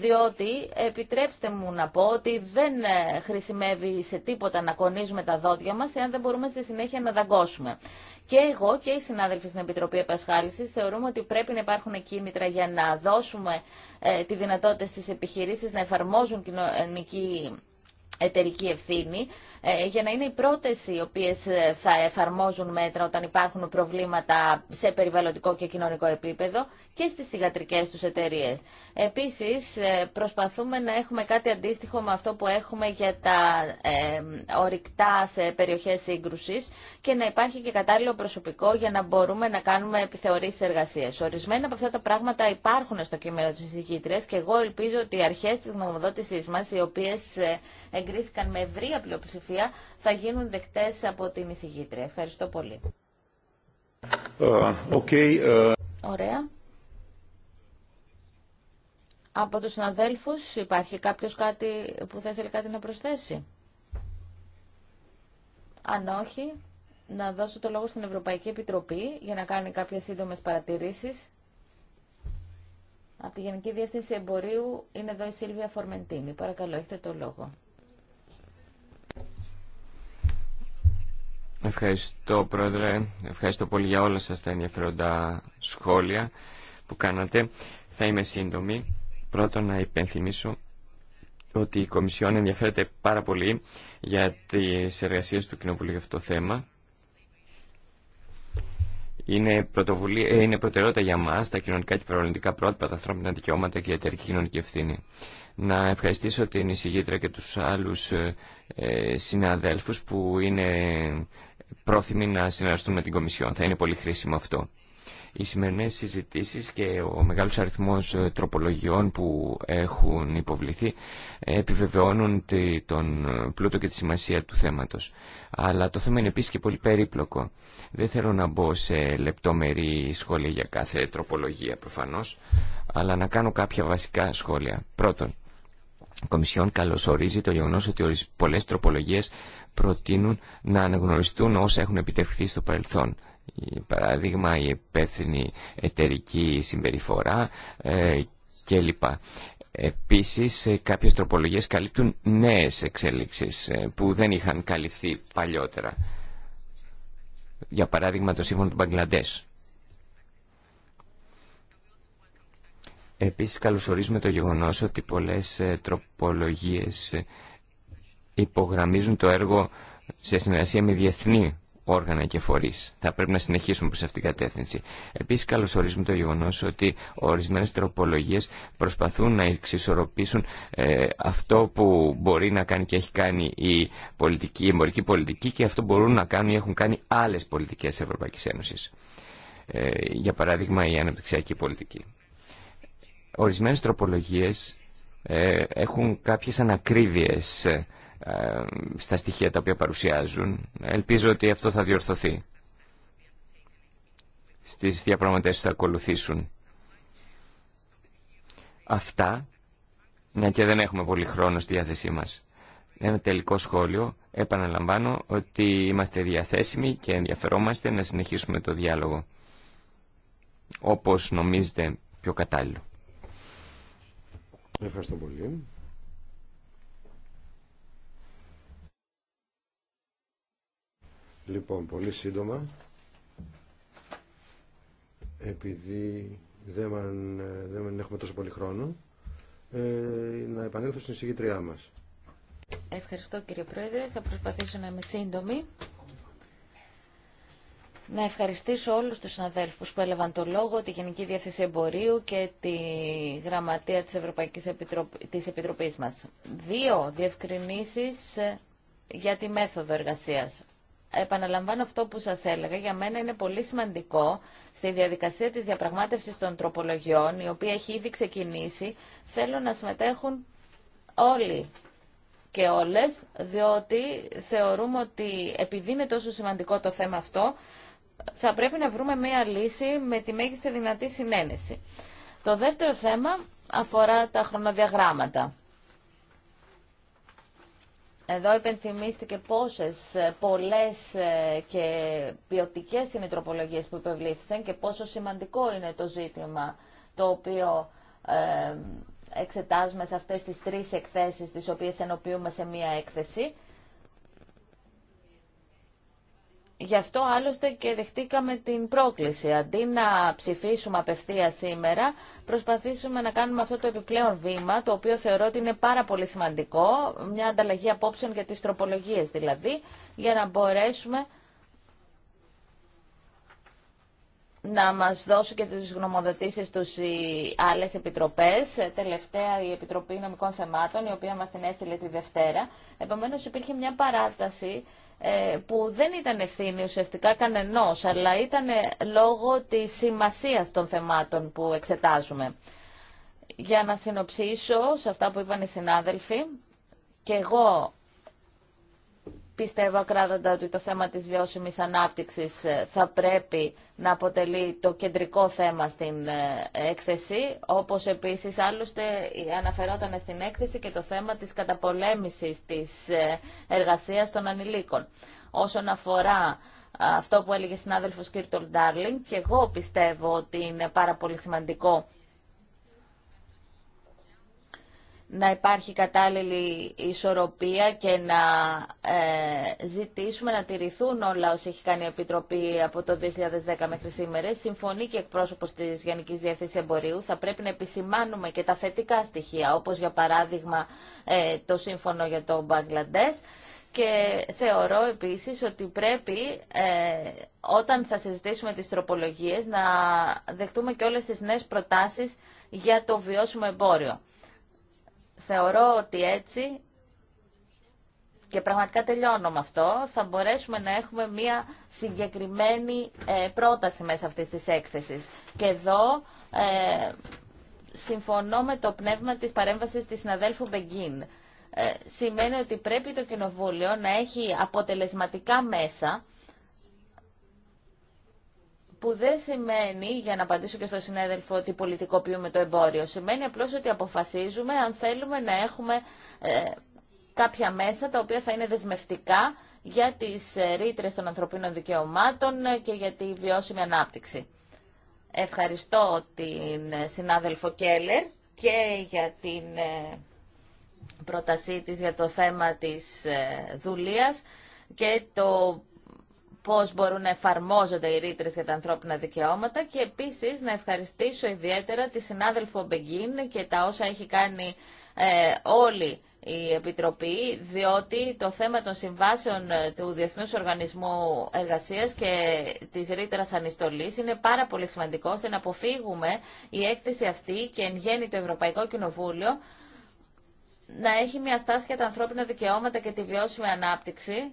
διότι επιτρέψτε μου να πω ότι δεν ε, χρησιμεύει σε τίποτα να κονίζουμε τα δόντια μας εάν δεν μπορούμε στη συνέχεια να δαγκώσουμε. Και εγώ και οι συνάδελφοι στην Επιτροπή Επασχάλησης θεωρούμε ότι πρέπει να υπάρχουν κίνητρα για να δώσουμε ε, τη δυνατότητα στις επιχειρήσεις να εφαρμόζουν κοινωνική εταιρική ευθύνη ε, για να είναι οι πρώτες οι οποίες ε, θα εφαρμόζουν μέτρα όταν υπάρχουν προβλήματα σε περιβαλλοντικό και κοινωνικό επίπεδο και στις θηγατρικές τους εταιρείες. Επίσης, ε, προσπαθούμε να έχουμε κάτι αντίστοιχο με αυτό που έχουμε για τα ε, ορυκτά σε περιοχές σύγκρουσης και να υπάρχει και κατάλληλο προσωπικό για να μπορούμε να κάνουμε επιθεωρήσεις εργασίες. Ορισμένα από αυτά τα πράγματα υπάρχουν στο κείμενο της εισηγήτριας και εγώ ελπίζω ότι οι αρχές της γνωμοδότησής μας, οι οποίες ε, εγκρίθηκαν με ευρία πλειοψηφία, θα γίνουν δεκτές από την εισηγήτρια. Ευχαριστώ πολύ. Ε, Ωραία. Από τους συναδέλφους υπάρχει κάποιος κάτι που θα ήθελε κάτι να προσθέσει. Αν όχι, να δώσω το λόγο στην Ευρωπαϊκή Επιτροπή για να κάνει κάποιες σύντομες παρατηρήσεις. Από τη Γενική Διεύθυνση Εμπορίου είναι εδώ η Σίλβια Φορμεντίνη. Παρακαλώ, έχετε το λόγο. Ευχαριστώ, Πρόεδρε. Ευχαριστώ πολύ για όλα σας τα ενδιαφέροντα σχόλια που κάνατε. Θα είμαι σύντομη. Πρώτον να υπενθυμίσω ότι η Κομισιόν ενδιαφέρεται πάρα πολύ για τις εργασίες του Κοινοβουλίου για αυτό το θέμα. Ε, είναι, προτεραιότητα για μας, τα κοινωνικά και περιβαλλοντικά πρότυπα, τα ανθρώπινα δικαιώματα και η εταιρική κοινωνική ευθύνη. Να ευχαριστήσω την εισηγήτρια και τους άλλους ε, ε συναδέλφους που είναι πρόθυμοι να συνεργαστούν με την Κομισιόν. Θα είναι πολύ χρήσιμο αυτό. Οι σημερινές συζητήσεις και ο μεγάλος αριθμός ε, τροπολογιών που έχουν υποβληθεί ε, επιβεβαιώνουν τον ε, πλούτο και τη σημασία του θέματος. Αλλά το θέμα είναι επίσης και πολύ περίπλοκο. Δεν θέλω να μπω σε λεπτόμερη σχόλια για κάθε τροπολογία προφανώς, αλλά να κάνω κάποια βασικά σχόλια. Πρώτον, η Κομισιόν καλωσορίζει το γεγονό ότι πολλέ τροπολογίε προτείνουν να αναγνωριστούν όσα έχουν επιτευχθεί στο παρελθόν παράδειγμα η υπεύθυνη εταιρική συμπεριφορά ε, κλπ. Επίσης ε, κάποιες τροπολογίες καλύπτουν νέες εξέλιξεις ε, που δεν είχαν καλυφθεί παλιότερα. Για παράδειγμα το σύμφωνο του Μπαγκλαντές. Επίσης καλωσορίζουμε το γεγονός ότι πολλές τροπολογίες υπογραμμίζουν το έργο σε συνεργασία με διεθνή όργανα και φορεί. Θα πρέπει να συνεχίσουμε προ αυτήν την κατεύθυνση. Επίση, καλωσορίζουμε το γεγονό ότι ορισμένε τροπολογίε προσπαθούν να εξισορροπήσουν ε, αυτό που μπορεί να κάνει και έχει κάνει η, πολιτική, η εμπορική πολιτική και αυτό μπορούν να κάνουν ή έχουν κάνει άλλε πολιτικέ τη Ευρωπαϊκή Ένωση. Ε, για παράδειγμα, η αναπτυξιακή πολιτική. Ορισμένε τροπολογίε ε, έχουν κάποιε ανακρίβειες ε, ε, στα στοιχεία τα οποία παρουσιάζουν. Ελπίζω ότι αυτό θα διορθωθεί στις διαπραγματεύσεις που θα ακολουθήσουν. Αυτά, μια και δεν έχουμε πολύ χρόνο στη διάθεσή μας. Ένα τελικό σχόλιο. Επαναλαμβάνω ότι είμαστε διαθέσιμοι και ενδιαφερόμαστε να συνεχίσουμε το διάλογο όπως νομίζετε πιο κατάλληλο. Ευχαριστώ πολύ. Λοιπόν, πολύ σύντομα, επειδή δεν, δεν έχουμε τόσο πολύ χρόνο, ε, να επανέλθω στην εισηγητριά μας. Ευχαριστώ κύριε Πρόεδρε. Θα προσπαθήσω να είμαι σύντομη. Να ευχαριστήσω όλους τους συναδέλφους που έλαβαν το λόγο, τη Γενική Διεύθυνση Εμπορίου και τη Γραμματεία της Ευρωπαϊκής Επιτροπ... της Επιτροπής μας. Δύο διευκρινήσεις ε, για τη μέθοδο εργασίας επαναλαμβάνω αυτό που σας έλεγα, για μένα είναι πολύ σημαντικό στη διαδικασία της διαπραγμάτευσης των τροπολογιών, η οποία έχει ήδη ξεκινήσει, θέλω να συμμετέχουν όλοι και όλες, διότι θεωρούμε ότι επειδή είναι τόσο σημαντικό το θέμα αυτό, θα πρέπει να βρούμε μία λύση με τη μέγιστη δυνατή συνένεση. Το δεύτερο θέμα αφορά τα χρονοδιαγράμματα. Εδώ υπενθυμίστηκε πόσες ε, πολλές ε, και ποιοτικέ είναι οι τροπολογίες που υπευλήθησαν και πόσο σημαντικό είναι το ζήτημα το οποίο ε, εξετάζουμε σε αυτές τις τρεις εκθέσεις τις οποίες ενοποιούμε σε μία έκθεση Γι' αυτό άλλωστε και δεχτήκαμε την πρόκληση. Αντί να ψηφίσουμε απευθεία σήμερα, προσπαθήσουμε να κάνουμε αυτό το επιπλέον βήμα, το οποίο θεωρώ ότι είναι πάρα πολύ σημαντικό, μια ανταλλαγή απόψεων για τις τροπολογίες δηλαδή, για να μπορέσουμε να μας δώσουν και τις γνωμοδοτήσεις τους οι άλλες επιτροπές. Τελευταία η Επιτροπή Νομικών Θεμάτων, η οποία μας την έστειλε τη Δευτέρα. Επομένως υπήρχε μια παράταση ε, που δεν ήταν ευθύνη ουσιαστικά κανενός, αλλά ήταν λόγω της σημασίας των θεμάτων που εξετάζουμε. Για να συνοψίσω σε αυτά που είπαν οι συνάδελφοι, και εγώ Πιστεύω ακράδαντα ότι το θέμα της βιώσιμης ανάπτυξης ε, θα πρέπει να αποτελεί το κεντρικό θέμα στην ε, έκθεση, όπως επίσης άλλωστε αναφερόταν στην έκθεση και το θέμα της καταπολέμησης της ε, εργασίας των ανηλίκων. Όσον αφορά αυτό που έλεγε συνάδελφος Κίρτολ Ντάρλινγκ, και εγώ πιστεύω ότι είναι πάρα πολύ σημαντικό να υπάρχει κατάλληλη ισορροπία και να ε, ζητήσουμε να τηρηθούν όλα όσοι έχει κάνει η Επιτροπή από το 2010 μέχρι σήμερα. Συμφωνεί και εκπρόσωπο τη Γενική Διεύθυνση Εμπορίου. Θα πρέπει να επισημάνουμε και τα θετικά στοιχεία, όπω για παράδειγμα ε, το σύμφωνο για το Μπαγκλαντέ. Και θεωρώ επίσης ότι πρέπει ε, όταν θα συζητήσουμε τις τροπολογίες να δεχτούμε και όλες τις νέες προτάσεις για το βιώσιμο εμπόριο θεωρώ ότι έτσι και πραγματικά τελειώνω με αυτό, θα μπορέσουμε να έχουμε μία συγκεκριμένη ε, πρόταση μέσα αυτής της έκθεσης. Και εδώ ε, συμφωνώ με το πνεύμα της παρέμβασης της συναδέλφου Μπεγκίν. Ε, σημαίνει ότι πρέπει το Κοινοβούλιο να έχει αποτελεσματικά μέσα που δεν σημαίνει, για να απαντήσω και στο συνέδελφο, ότι πολιτικοποιούμε το εμπόριο. Σημαίνει απλώς ότι αποφασίζουμε αν θέλουμε να έχουμε ε, κάποια μέσα τα οποία θα είναι δεσμευτικά για τις ε, ρήτρε των ανθρωπίνων δικαιωμάτων ε, και για τη βιώσιμη ανάπτυξη. Ευχαριστώ την ε, συνάδελφο Κέλλερ και για την πρότασή της για το θέμα της δουλείας και το πώς μπορούν να εφαρμόζονται οι ρήτρε για τα ανθρώπινα δικαιώματα και επίσης να ευχαριστήσω ιδιαίτερα τη συνάδελφο Μπεγκίν και τα όσα έχει κάνει ε, όλη η Επιτροπή, διότι το θέμα των συμβάσεων ε, του Διεθνούς Οργανισμού Εργασίας και της ρήτρα ανιστολής είναι πάρα πολύ σημαντικό ώστε να αποφύγουμε η έκθεση αυτή και εν γέννη το Ευρωπαϊκό Κοινοβούλιο να έχει μια στάση για τα ανθρώπινα δικαιώματα και τη βιώσιμη ανάπτυξη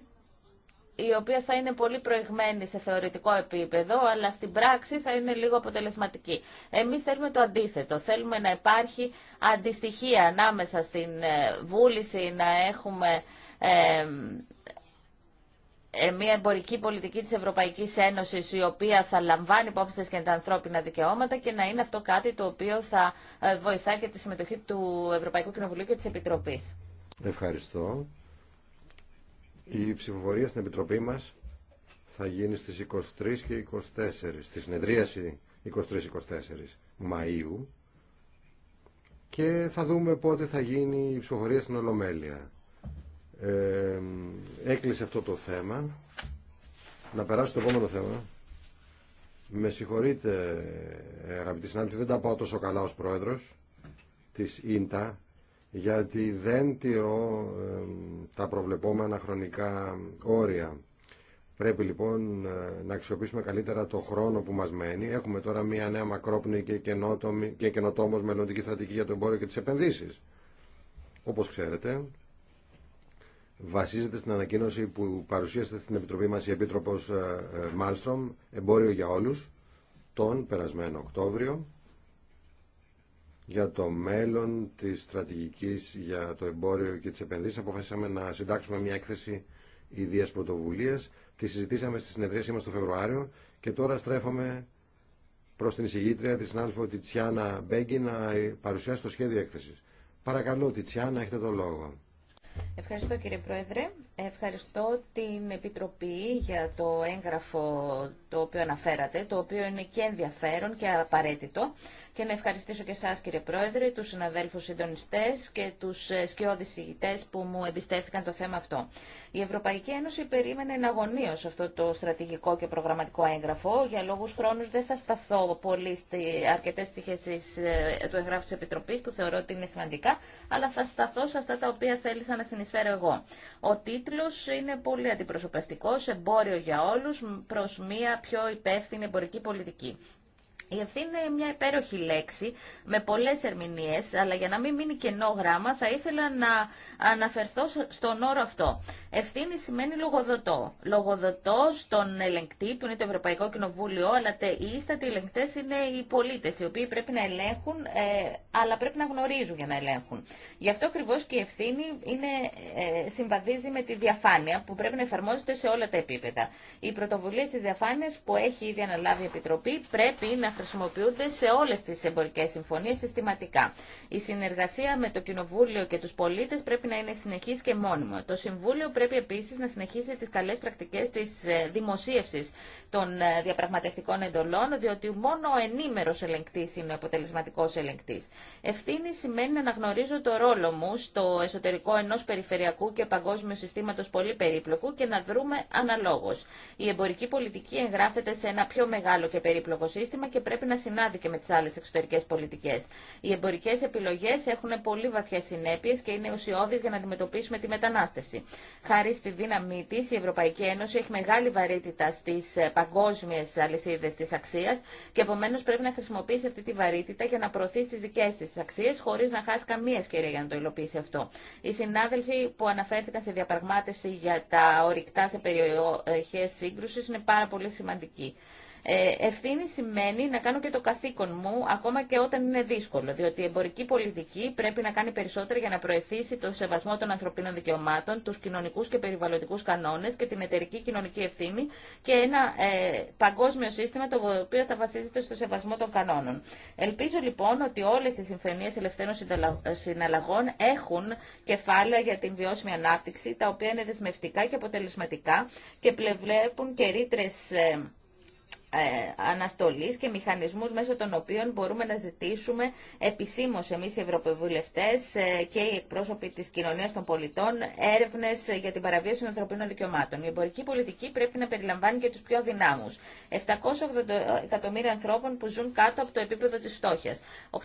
η οποία θα είναι πολύ προηγμένη σε θεωρητικό επίπεδο, αλλά στην πράξη θα είναι λίγο αποτελεσματική. Εμείς θέλουμε το αντίθετο. Θέλουμε να υπάρχει αντιστοιχία ανάμεσα στην ε, βούληση να έχουμε ε, ε, μια εμπορική πολιτική της Ευρωπαϊκής Ένωσης η οποία θα λαμβάνει υπόψη της και τα ανθρώπινα δικαιώματα και να είναι αυτό κάτι το οποίο θα βοηθάει και τη συμμετοχή του Ευρωπαϊκού Κοινοβουλίου και της Επιτροπής. Ευχαριστώ. Η ψηφοφορία στην Επιτροπή μας θα γίνει στις 23 και 24, στη συνεδρίαση 23-24 Μαΐου και θα δούμε πότε θα γίνει η ψηφοφορία στην Ολομέλεια. Ε, έκλεισε αυτό το θέμα. Να περάσω στο επόμενο θέμα. Με συγχωρείτε αγαπητοί συνάδελφοι, δεν τα πάω τόσο καλά ως πρόεδρος της ΙΝΤΑ, γιατί δεν τηρώ τα προβλεπόμενα χρονικά όρια. Πρέπει λοιπόν ε, να αξιοποιήσουμε καλύτερα το χρόνο που μας μένει. Έχουμε τώρα μια νέα μακρόπνη και, και μελλοντική στρατηγική για το εμπόριο και τις επενδύσεις. Όπως ξέρετε, βασίζεται στην ανακοίνωση που παρουσίασε στην Επιτροπή μας η Επίτροπος ε, ε, Μάλστρομ, εμπόριο για όλους, τον περασμένο Οκτώβριο για το μέλλον της στρατηγικής για το εμπόριο και τις επενδύσεις αποφασίσαμε να συντάξουμε μια έκθεση ιδίας πρωτοβουλία. Τη συζητήσαμε στη συνεδρίασή μας το Φεβρουάριο και τώρα στρέφομαι προς την εισηγήτρια τη συνάδελφο Τιτσιάνα Μπέγκη να παρουσιάσει το σχέδιο έκθεσης. Παρακαλώ Τιτσιάνα, έχετε το λόγο. Ευχαριστώ κύριε Πρόεδρε. Ευχαριστώ την Επιτροπή για το έγγραφο το οποίο αναφέρατε, το οποίο είναι και ενδιαφέρον και απαραίτητο. Και να ευχαριστήσω και εσάς κύριε Πρόεδρε, τους συναδέλφους συντονιστές και τους ε, σκιώδης ηγητές που μου εμπιστεύτηκαν το θέμα αυτό. Η Ευρωπαϊκή Ένωση περίμενε εναγωνίω αυτό το στρατηγικό και προγραμματικό έγγραφο. Για λόγους χρόνους δεν θα σταθώ πολύ στι αρκετές πτυχές ε, του εγγράφου της Επιτροπής που θεωρώ ότι είναι σημαντικά, αλλά θα σταθώ σε αυτά τα οποία θέλησα να συνεισφέρω εγώ. Ο τίτλο είναι πολύ αντιπροσωπευτικό εμπόριο για όλους, προς μια πιο υπεύθυνη εμπορική πολιτική. Η ευθύνη είναι μια υπέροχη λέξη με πολλές ερμηνείες, αλλά για να μην μείνει κενό γράμμα θα ήθελα να αναφερθώ στον όρο αυτό. Ευθύνη σημαίνει λογοδοτό. Λογοδοτό στον ελεγκτή που είναι το Ευρωπαϊκό Κοινοβούλιο, αλλά οι ίστατοι ελεγκτέ είναι οι πολίτες οι οποίοι πρέπει να ελέγχουν, ε, αλλά πρέπει να γνωρίζουν για να ελέγχουν. Γι' αυτό ακριβώ και η ευθύνη είναι, ε, συμβαδίζει με τη διαφάνεια που πρέπει να εφαρμόζεται σε όλα τα επίπεδα. Η πρωτοβουλία τη διαφάνεια που έχει ήδη αναλάβει η Επιτροπή πρέπει να χρησιμοποιούνται σε όλε τι εμπορικέ συμφωνίε συστηματικά. Η συνεργασία με το Κοινοβούλιο και του πολίτε πρέπει να είναι συνεχής και μόνιμο. Το Συμβούλιο πρέπει επίση να συνεχίσει τι καλέ πρακτικέ τη ε, δημοσίευση των ε, διαπραγματευτικών εντολών, διότι μόνο ο ενήμερο ελεγκτής είναι ο αποτελεσματικός ελεγκτής. Ευθύνη σημαίνει να αναγνωρίζω το ρόλο μου στο εσωτερικό ενό περιφερειακού και παγκόσμιου συστήματο πολύ περίπλοκου και να δρούμε αναλόγω. Η εμπορική πολιτική εγγράφεται σε ένα πιο μεγάλο και περίπλοκο σύστημα και πρέπει να συνάδει και με τι άλλε εξωτερικέ πολιτικέ. Οι εμπορικέ επιλογέ έχουν πολύ βαθιές συνέπειε και είναι ουσιώδεις για να αντιμετωπίσουμε τη μετανάστευση. Χάρη στη δύναμή τη, η Ευρωπαϊκή Ένωση έχει μεγάλη βαρύτητα στι ε, παγκόσμιες αλυσίδε τη αξία και επομένω πρέπει να χρησιμοποιήσει αυτή τη βαρύτητα για να προωθεί τι δικέ τη αξίε, χωρί να χάσει καμία ευκαιρία για να το υλοποιήσει αυτό. Οι συνάδελφοι που αναφέρθηκαν σε διαπραγμάτευση για τα ορυκτά σε περιοχέ σύγκρουση είναι πάρα πολύ σημαντικοί. Ε, ευθύνη σημαίνει να κάνω και το καθήκον μου, ακόμα και όταν είναι δύσκολο, διότι η εμπορική πολιτική πρέπει να κάνει περισσότερο για να προεθήσει το σεβασμό των ανθρωπίνων δικαιωμάτων, του κοινωνικού και περιβαλλοντικού κανόνε και την εταιρική κοινωνική ευθύνη και ένα ε, παγκόσμιο σύστημα το οποίο θα βασίζεται στο σεβασμό των κανόνων. Ελπίζω λοιπόν ότι όλε οι συμφωνίε ελευθέρων συναλλαγών έχουν κεφάλαια για την βιώσιμη ανάπτυξη, τα οποία είναι δεσμευτικά και αποτελεσματικά και πλευλέπουν και ρήτρε ε, ε, αναστολής και μηχανισμούς μέσω των οποίων μπορούμε να ζητήσουμε επισήμως εμείς οι ε, και οι εκπρόσωποι της κοινωνίας των πολιτών έρευνες για την παραβίαση των ανθρωπίνων δικαιωμάτων. Η εμπορική πολιτική πρέπει να περιλαμβάνει και τους πιο δυνάμους. 780 εκατομμύρια ανθρώπων που ζουν κάτω από το επίπεδο της φτώχειας. 865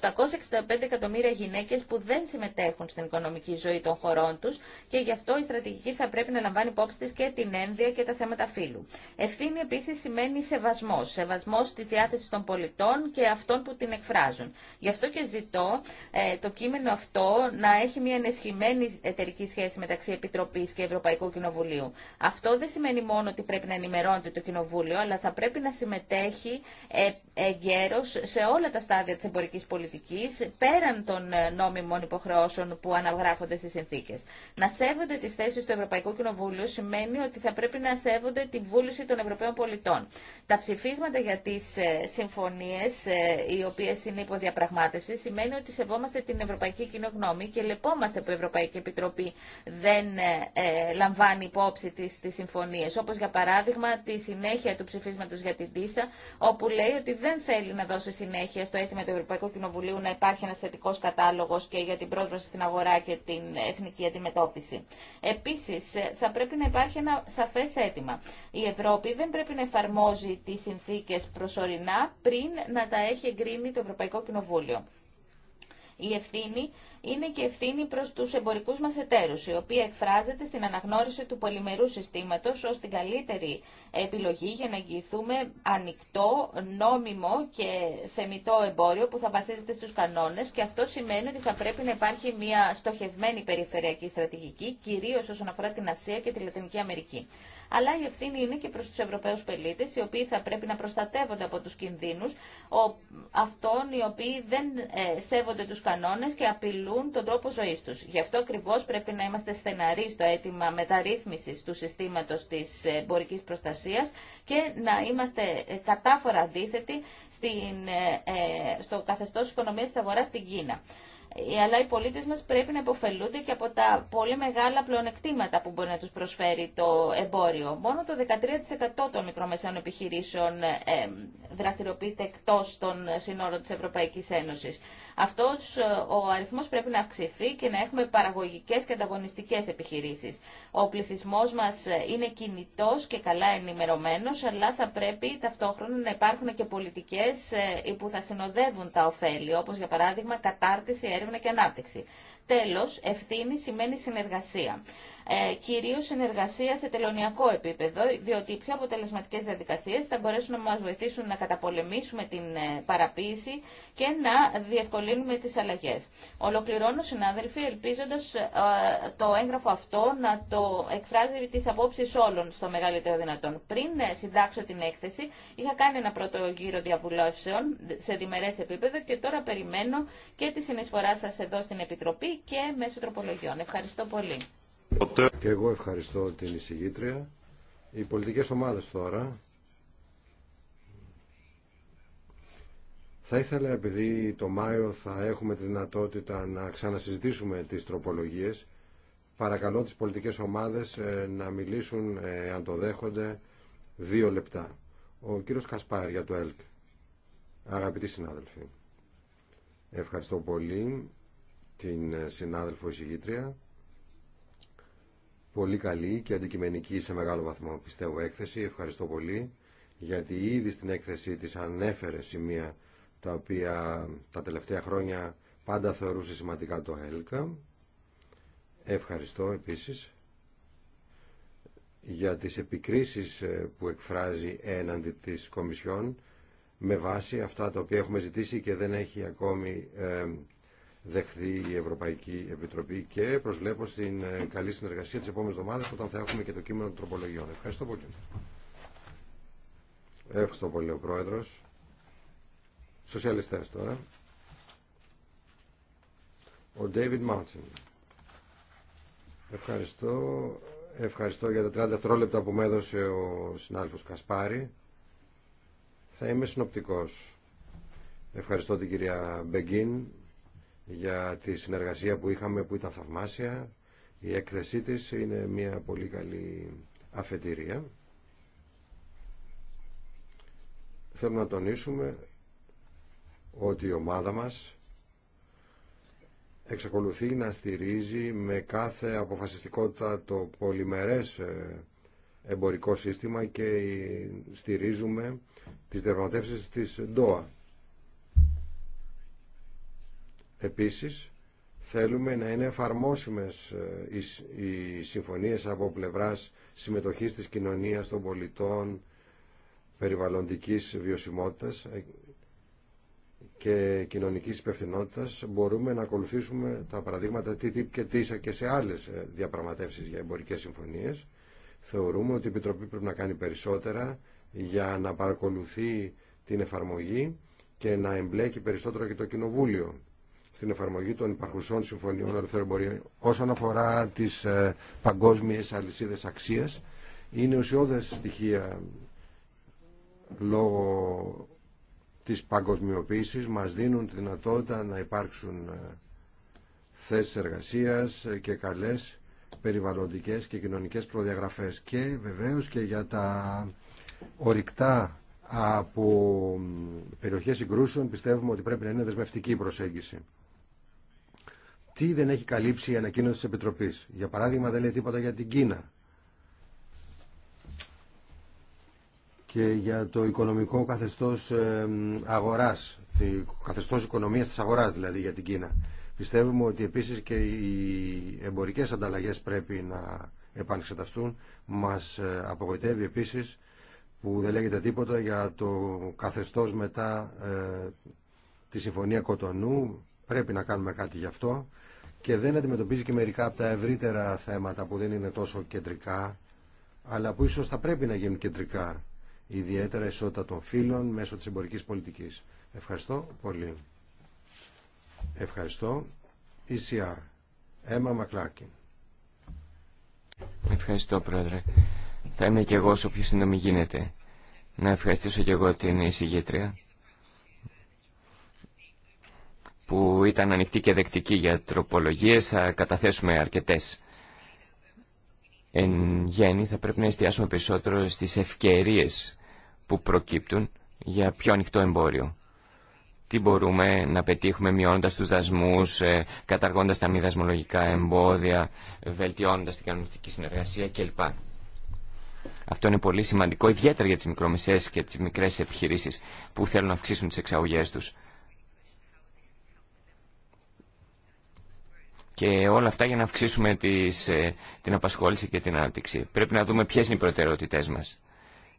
εκατομμύρια γυναίκες που δεν συμμετέχουν στην οικονομική ζωή των χωρών τους και γι' αυτό η στρατηγική θα πρέπει να λαμβάνει υπόψη της και την ένδια και τα θέματα φύλου. Ευθύνη επίσης σημαίνει σεβασμό σεβασμό. Σεβασμό της διάθεση των πολιτών και αυτών που την εκφράζουν. Γι' αυτό και ζητώ ε, το κείμενο αυτό να έχει μια ενισχυμένη εταιρική σχέση μεταξύ Επιτροπής και Ευρωπαϊκού Κοινοβουλίου. Αυτό δεν σημαίνει μόνο ότι πρέπει να ενημερώνεται το Κοινοβούλιο, αλλά θα πρέπει να συμμετέχει ε, σε όλα τα στάδια τη εμπορική πολιτική πέραν των ε, νόμιμων υποχρεώσεων που αναγράφονται στι συνθήκε. Να σέβονται τι θέσει του Ευρωπαϊκού Κοινοβουλίου σημαίνει ότι θα πρέπει να σέβονται τη βούληση των Ευρωπαίων πολιτών. Τα ψηφίσματα για τις ε, συμφωνίε, ε, οι οποίες είναι υποδιαπραγμάτευση σημαίνει ότι σεβόμαστε την Ευρωπαϊκή Κοινογνώμη και λεπόμαστε που η Ευρωπαϊκή Επιτροπή δεν ε, λαμβάνει υπόψη τις, τις συμφωνίες. Όπως για παράδειγμα τη συνέχεια του ψηφίσματος για την ΤΙΣΑ όπου λέει ότι δεν θέλει να δώσει συνέχεια στο αίτημα του Ευρωπαϊκού Κοινοβουλίου να υπάρχει ένας θετικός κατάλογος και για την πρόσβαση στην αγορά και την εθνική αντιμετώπιση. Επίσης θα πρέπει να υπάρχει ένα σαφές αίτημα. Η Ευρώπη δεν πρέπει να εφαρμόζει τη προσωρινά πριν να τα έχει εγκρίνει το Ευρωπαϊκό Κοινοβούλιο. Η ευθύνη είναι και ευθύνη προς τους εμπορικούς μας εταίρους, η οποία εκφράζεται στην αναγνώριση του πολυμερού συστήματος ως την καλύτερη επιλογή για να εγγυηθούμε ανοιχτό, νόμιμο και θεμητό εμπόριο που θα βασίζεται στους κανόνες και αυτό σημαίνει ότι θα πρέπει να υπάρχει μια στοχευμένη περιφερειακή στρατηγική, κυρίως όσον αφορά την Ασία και τη Λατινική Αμερική αλλά η ευθύνη είναι και προ του Ευρωπαίου πελίτε, οι οποίοι θα πρέπει να προστατεύονται από του κινδύνου αυτών οι οποίοι δεν ε, σέβονται του κανόνε και απειλούν τον τρόπο ζωή του. Γι' αυτό ακριβώ πρέπει να είμαστε στεναροί στο αίτημα μεταρρύθμιση του συστήματο τη εμπορική προστασία και να είμαστε ε, κατάφορα αντίθετοι στην, ε, στο καθεστώ οικονομία τη αγορά στην Κίνα. Ε, αλλά οι πολίτε μα πρέπει να υποφελούνται και από τα πολύ μεγάλα πλεονεκτήματα που μπορεί να του προσφέρει το εμπόριο. Μόνο το 13% των μικρομεσαίων επιχειρήσεων ε, δραστηριοποιείται εκτό των συνόρων τη Ευρωπαϊκή Ένωση. Αυτό ε, ο αριθμό πρέπει να αυξηθεί και να έχουμε παραγωγικέ και ανταγωνιστικέ επιχειρήσει. Ο πληθυσμό μα είναι κινητό και καλά ενημερωμένο, αλλά θα πρέπει ταυτόχρονα να υπάρχουν και πολιτικέ που θα συνοδεύουν τα ωφέλη, όπω για παράδειγμα κατάρτιση έρευνα και ανάπτυξη. Τέλος, ευθύνη σημαίνει συνεργασία. Ε, κυρίως συνεργασία σε τελωνιακό επίπεδο, διότι οι πιο αποτελεσματικές διαδικασίες θα μπορέσουν να μας βοηθήσουν να καταπολεμήσουμε την ε, παραποίηση και να διευκολύνουμε τις αλλαγές. Ολοκληρώνω, συνάδελφοι, ελπίζοντας ε, το έγγραφο αυτό να το εκφράζει τις απόψεις όλων στο μεγαλύτερο δυνατόν. Πριν ε, συντάξω την έκθεση, είχα κάνει ένα πρώτο γύρο διαβουλεύσεων σε διμερές επίπεδο και τώρα περιμένω και τη συνεισφορά σας εδώ στην Επιτροπή και μέσω τροπολογιών. Ευχαριστώ πολύ. Και εγώ ευχαριστώ την εισηγήτρια. Οι πολιτικές ομάδες τώρα. Θα ήθελα, επειδή το Μάιο θα έχουμε τη δυνατότητα να ξανασυζητήσουμε τις τροπολογίες, παρακαλώ τις πολιτικές ομάδες ε, να μιλήσουν, ε, αν το δέχονται, δύο λεπτά. Ο κύριος Κασπάρ για το ΕΛΚ. Αγαπητοί συνάδελφοι, ευχαριστώ πολύ την ε, συνάδελφο εισηγήτρια. Πολύ καλή και αντικειμενική σε μεγάλο βαθμό πιστεύω έκθεση. Ευχαριστώ πολύ γιατί ήδη στην έκθεση της ανέφερε σημεία τα οποία τα τελευταία χρόνια πάντα θεωρούσε σημαντικά το ΕΛΚΑ. Ευχαριστώ επίσης για τις επικρίσεις ε, που εκφράζει έναντι της Κομισιόν με βάση αυτά τα οποία έχουμε ζητήσει και δεν έχει ακόμη ε, δεχθεί η Ευρωπαϊκή Επιτροπή και προσβλέπω στην ε, καλή συνεργασία της επόμενης εβδομάδας όταν θα έχουμε και το κείμενο των τροπολογιών. Ευχαριστώ πολύ. Ευχαριστώ πολύ ο Πρόεδρος. Σοσιαλιστές τώρα. Ο David Μάτσιν. Ευχαριστώ. Ευχαριστώ για τα 30 δευτερόλεπτα που με έδωσε ο συνάδελφος Κασπάρη. Θα είμαι συνοπτικός. Ευχαριστώ την κυρία Μπεγκίν για τη συνεργασία που είχαμε που ήταν θαυμάσια. Η έκθεσή της είναι μια πολύ καλή αφετηρία. Θέλω να τονίσουμε ότι η ομάδα μας εξακολουθεί να στηρίζει με κάθε αποφασιστικότητα το πολυμερές ε, εμπορικό σύστημα και στηρίζουμε τις διαπραγματεύσεις της ΝΤΟΑ Επίσης, θέλουμε να είναι εφαρμόσιμες ε, οι συμφωνίες από πλευράς συμμετοχής της κοινωνίας των πολιτών, περιβαλλοντικής βιωσιμότητας ε, και κοινωνικής υπευθυνότητα μπορούμε να ακολουθήσουμε τα παραδείγματα TTIP και TISA και σε άλλες ε, διαπραγματεύσεις για εμπορικές συμφωνίες. Θεωρούμε ότι η Επιτροπή πρέπει να κάνει περισσότερα για να παρακολουθεί την εφαρμογή και να εμπλέκει περισσότερο και το Κοινοβούλιο στην εφαρμογή των υπαρχουσών συμφωνιών ελευθερών Όσον αφορά τις ε, παγκόσμιες αλυσίδες αξίας, είναι ουσιώδες στοιχεία λόγω της παγκοσμιοποίησης μας δίνουν τη δυνατότητα να υπάρξουν ε, θέσεις εργασίας ε, και καλές περιβαλλοντικές και κοινωνικές προδιαγραφές και βεβαίως και για τα ορυκτά από περιοχές συγκρούσεων πιστεύουμε ότι πρέπει να είναι δεσμευτική η προσέγγιση τι δεν έχει καλύψει η ανακοίνωση της Επιτροπής. Για παράδειγμα δεν λέει τίποτα για την Κίνα και για το οικονομικό καθεστώς ε, αγοράς, το καθεστώς οικονομίας της αγοράς δηλαδή για την Κίνα. Πιστεύουμε ότι επίσης και οι εμπορικές ανταλλαγές πρέπει να επανεξεταστούν. Μας ε, απογοητεύει επίσης που δεν λέγεται τίποτα για το καθεστώς μετά ε, τη Συμφωνία Κοτονού. Πρέπει να κάνουμε κάτι γι' αυτό και δεν αντιμετωπίζει και μερικά από τα ευρύτερα θέματα που δεν είναι τόσο κεντρικά, αλλά που ίσως θα πρέπει να γίνουν κεντρικά, ιδιαίτερα ισότητα των φύλων μέσω της εμπορικής πολιτικής. Ευχαριστώ πολύ. Ευχαριστώ. ECR. Έμα Μακλάκη. Ευχαριστώ, Πρόεδρε. Θα είμαι και εγώ όσο πιο σύντομη γίνεται. Να ευχαριστήσω και εγώ την εισηγήτρια που ήταν ανοιχτή και δεκτική για τροπολογίες, θα καταθέσουμε αρκετές. Εν γέννη θα πρέπει να εστιάσουμε περισσότερο στις ευκαιρίες που προκύπτουν για πιο ανοιχτό εμπόριο. Τι μπορούμε να πετύχουμε μειώνοντας τους δασμούς, ε, καταργώντας τα μη δασμολογικά εμπόδια, βελτιώνοντας την κανονιστική συνεργασία κλπ. Αυτό είναι πολύ σημαντικό, ιδιαίτερα για τις μικρομεσαίες και τις μικρές επιχειρήσεις που θέλουν να αυξήσουν τις εξαγωγές τους. Και όλα αυτά για να αυξήσουμε τις, ε, την απασχόληση και την ανάπτυξη. Πρέπει να δούμε ποιε είναι οι προτεραιότητές μα.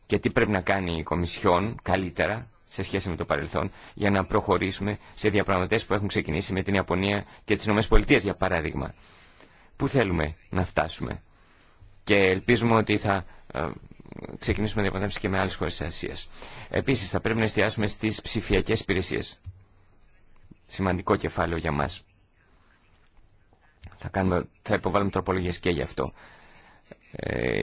και τι πρέπει να κάνει η Κομισιόν καλύτερα σε σχέση με το παρελθόν για να προχωρήσουμε σε διαπραγματεύσει που έχουν ξεκινήσει με την Ιαπωνία και τις ΗΠΑ για παράδειγμα. Πού θέλουμε να φτάσουμε και ελπίζουμε ότι θα ε, ξεκινήσουμε διαπραγματεύσει και με άλλε χώρε. τη Ασία. Επίσης θα πρέπει να εστιάσουμε στις ψηφιακέ υπηρεσίε, Σημαντικό κεφάλαιο για μας. Θα, κάνουμε, θα υποβάλουμε τροπολογίες και γι' αυτό. Ε,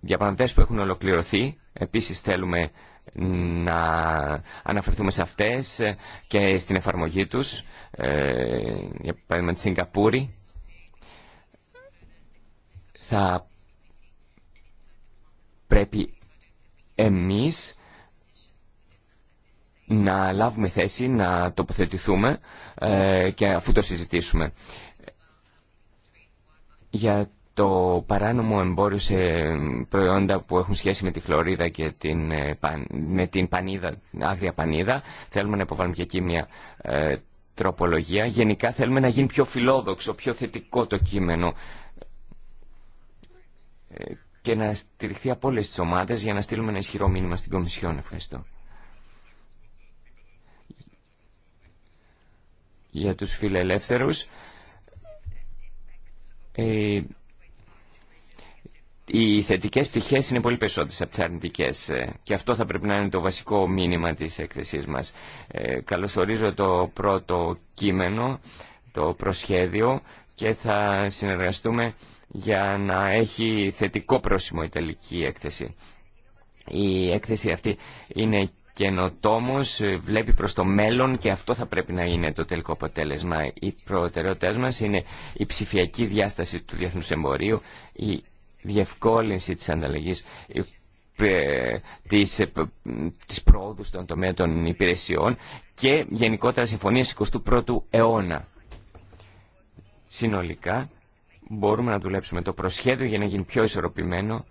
διαπραγματεύσεις που έχουν ολοκληρωθεί, επίσης θέλουμε να αναφερθούμε σε αυτές και στην εφαρμογή τους, ε, για παράδειγμα τη Σιγκαπούρη. Θα πρέπει εμείς να λάβουμε θέση, να τοποθετηθούμε ε, και αφού το συζητήσουμε για το παράνομο εμπόριο σε προϊόντα που έχουν σχέση με τη χλωρίδα και την, ε, με την πανίδα, άγρια πανίδα. Θέλουμε να υποβάλουμε και εκεί μια ε, τροπολογία. Γενικά θέλουμε να γίνει πιο φιλόδοξο, πιο θετικό το κείμενο ε, και να στηριχθεί από όλε ομάδε για να στείλουμε ένα ισχυρό μήνυμα στην Κομισιόν. Ευχαριστώ. Για τους φιλελεύθερους ε, οι θετικές πτυχές είναι πολύ περισσότερες από τις αρνητικές ε, και αυτό θα πρέπει να είναι το βασικό μήνυμα της έκθεσής μας. Ε, καλωσορίζω το πρώτο κείμενο, το προσχέδιο και θα συνεργαστούμε για να έχει θετικό πρόσημο η τελική έκθεση. Η έκθεση αυτή είναι καινοτόμος, ε, βλέπει προς το μέλλον και αυτό θα πρέπει να είναι το τελικό αποτέλεσμα. Η προτεραιότητά μας είναι η ψηφιακή διάσταση του διεθνούς εμπορίου, η διευκόλυνση της ανταλλαγής ε, της, πρόοδου στον τομέα των υπηρεσιών και γενικότερα συμφωνίες 21ου αιώνα. Συνολικά μπορούμε να δουλέψουμε το προσχέδιο για να γίνει πιο ισορροπημένο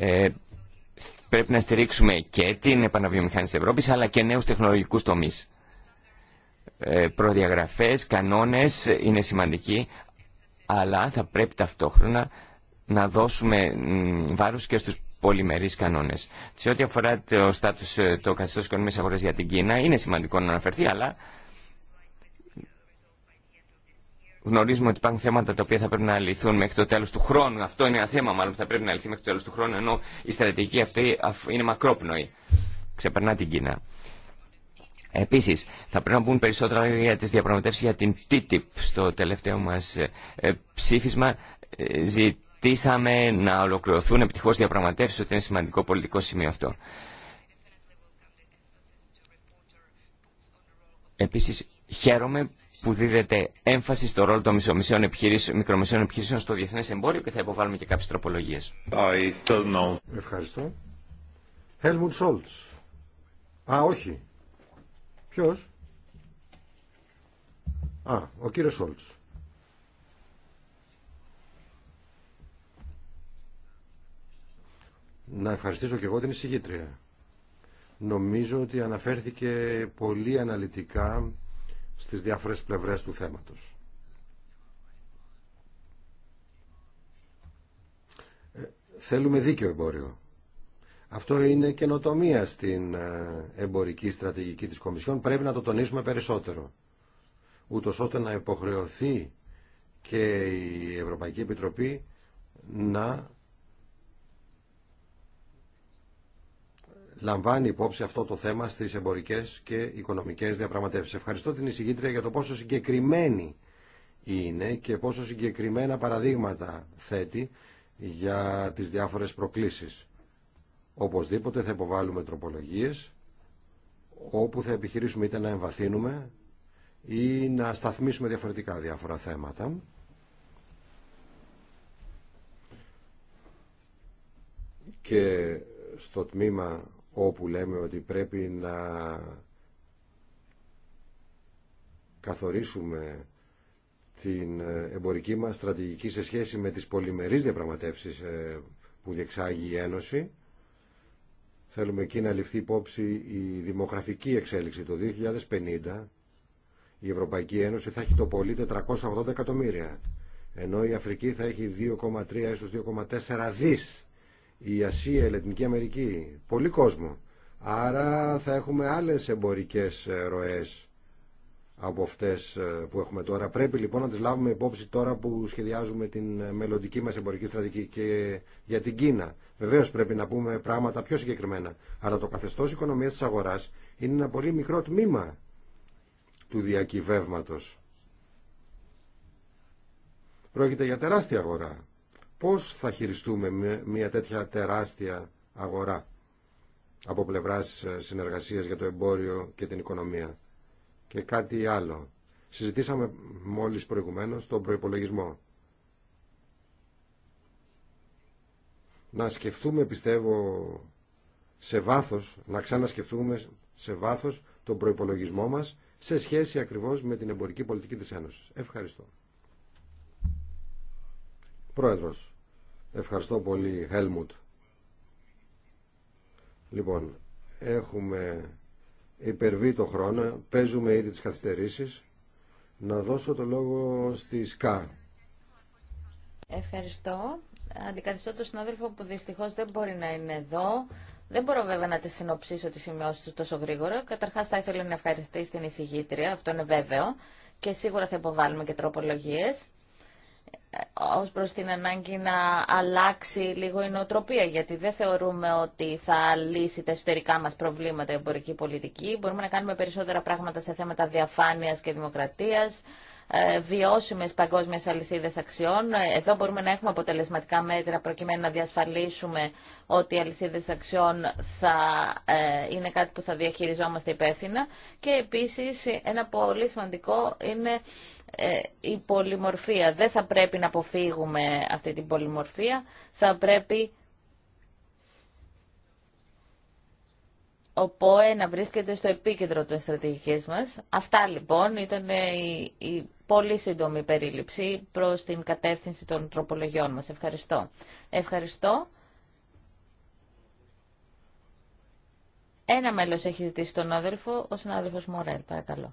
Ε, πρέπει να στηρίξουμε και την επαναβιομηχάνηση της Ευρώπης αλλά και νέους τεχνολογικούς τομείς. Ε, προδιαγραφές, κανόνες είναι σημαντικοί αλλά θα πρέπει ταυτόχρονα να δώσουμε βάρος και στους πολυμερείς κανόνες. Σε ό,τι αφορά το, στάτους, το καθεστώς αγορές για την Κίνα είναι σημαντικό να αναφερθεί αλλά γνωρίζουμε ότι υπάρχουν θέματα τα οποία θα πρέπει να λυθούν μέχρι το τέλο του χρόνου. Αυτό είναι ένα θέμα μάλλον που θα πρέπει να λυθεί μέχρι το τέλο του χρόνου, ενώ η στρατηγική αυτή είναι μακρόπνοη. Ξεπερνά την Κίνα. Επίση, θα πρέπει να πούμε περισσότερα για τι διαπραγματεύσει για την TTIP. Στο τελευταίο μα ε, ε, ψήφισμα ε, ζητήσαμε να ολοκληρωθούν επιτυχώ διαπραγματεύσει, ότι είναι σημαντικό πολιτικό σημείο αυτό. Επίση, χαίρομαι που δίδεται έμφαση στο ρόλο των μικρομεσαίων επιχειρήσεων, επιχειρήσεων στο διεθνέ εμπόριο και θα υποβάλουμε και κάποιε τροπολογίε. Ευχαριστώ. Helmut Scholz. Α, όχι. Ποιο. Α, ο κύριο Σόλτ. Να ευχαριστήσω και εγώ την εισηγήτρια. Νομίζω ότι αναφέρθηκε πολύ αναλυτικά στις διάφορες πλευρές του θέματος. Ε, θέλουμε δίκαιο εμπόριο. Αυτό είναι καινοτομία στην ε, εμπορική στρατηγική της Κομισιόν. Πρέπει να το τονίσουμε περισσότερο. Ούτω ώστε να υποχρεωθεί και η Ευρωπαϊκή Επιτροπή να λαμβάνει υπόψη αυτό το θέμα στις εμπορικές και οικονομικές διαπραγματεύσεις. Ευχαριστώ την εισηγήτρια για το πόσο συγκεκριμένη είναι και πόσο συγκεκριμένα παραδείγματα θέτει για τις διάφορες προκλήσεις. Οπωσδήποτε θα υποβάλουμε τροπολογίες όπου θα επιχειρήσουμε είτε να εμβαθύνουμε ή να σταθμίσουμε διαφορετικά διάφορα θέματα. Και στο τμήμα όπου λέμε ότι πρέπει να καθορίσουμε την εμπορική μας στρατηγική σε σχέση με τις πολυμερείς διαπραγματεύσεις ε, που διεξάγει η Ένωση. Θέλουμε εκεί να ληφθεί υπόψη η δημογραφική εξέλιξη. Το 2050 η Ευρωπαϊκή Ένωση θα έχει το πολύ 480 εκατομμύρια, ενώ η Αφρική θα έχει 2,3 έως 2,4 δις η Ασία, η Λατινική Αμερική, πολύ κόσμο. Άρα θα έχουμε άλλες εμπορικές ε, ροές από αυτές ε, που έχουμε τώρα. Πρέπει λοιπόν να τις λάβουμε υπόψη τώρα που σχεδιάζουμε την ε, μελλοντική μας εμπορική στρατηγική και για την Κίνα. Βεβαίως πρέπει να πούμε πράγματα πιο συγκεκριμένα. Αλλά το καθεστώς οικονομίας της αγοράς είναι ένα πολύ μικρό τμήμα του διακυβεύματος. Πρόκειται για τεράστια αγορά πώς θα χειριστούμε μια τέτοια τεράστια αγορά από πλευράς ε, συνεργασίας για το εμπόριο και την οικονομία. Και κάτι άλλο. Συζητήσαμε μόλις προηγουμένως τον προϋπολογισμό. Να σκεφτούμε, πιστεύω, σε βάθος, να ξανασκεφτούμε σε βάθος τον προϋπολογισμό μας σε σχέση ακριβώς με την εμπορική πολιτική της Ένωσης. Ευχαριστώ. Πρόεδρος, ευχαριστώ πολύ, Χέλμουτ. Λοιπόν, έχουμε υπερβεί το χρόνο, παίζουμε ήδη τις καθυστερήσεις. Να δώσω το λόγο στη ΣΚΑ. Ευχαριστώ. Αντικαθιστώ τον συνάδελφο που δυστυχώς δεν μπορεί να είναι εδώ. Δεν μπορώ βέβαια να τη συνοψίσω τις σημειώσεις του τόσο γρήγορα. Καταρχάς θα ήθελα να ευχαριστήσω την εισηγήτρια, αυτό είναι βέβαιο, και σίγουρα θα υποβάλουμε και τροπολογίε ως προς την ανάγκη να αλλάξει λίγο η νοοτροπία, γιατί δεν θεωρούμε ότι θα λύσει τα εσωτερικά μας προβλήματα η εμπορική πολιτική. Μπορούμε να κάνουμε περισσότερα πράγματα σε θέματα διαφάνειας και δημοκρατίας, ε, βιώσιμες παγκόσμιες αλυσίδες αξιών. Εδώ μπορούμε να έχουμε αποτελεσματικά μέτρα προκειμένου να διασφαλίσουμε ότι οι αλυσίδες αξιών θα ε, είναι κάτι που θα διαχειριζόμαστε υπεύθυνα. Και επίσης ένα πολύ σημαντικό είναι ε, η πολυμορφία. Δεν θα πρέπει να αποφύγουμε αυτή την πολυμορφία. Θα πρέπει ο ΠΟΕ να βρίσκεται στο επίκεντρο των στρατηγικής μας. Αυτά λοιπόν ήταν ε, η, η πολύ σύντομη περίληψη προς την κατεύθυνση των τροπολογιών μας. Ευχαριστώ. Ευχαριστώ. Ένα μέλος έχει ζητήσει τον άδελφο, ο συνάδελφος Μορέλ, παρακαλώ.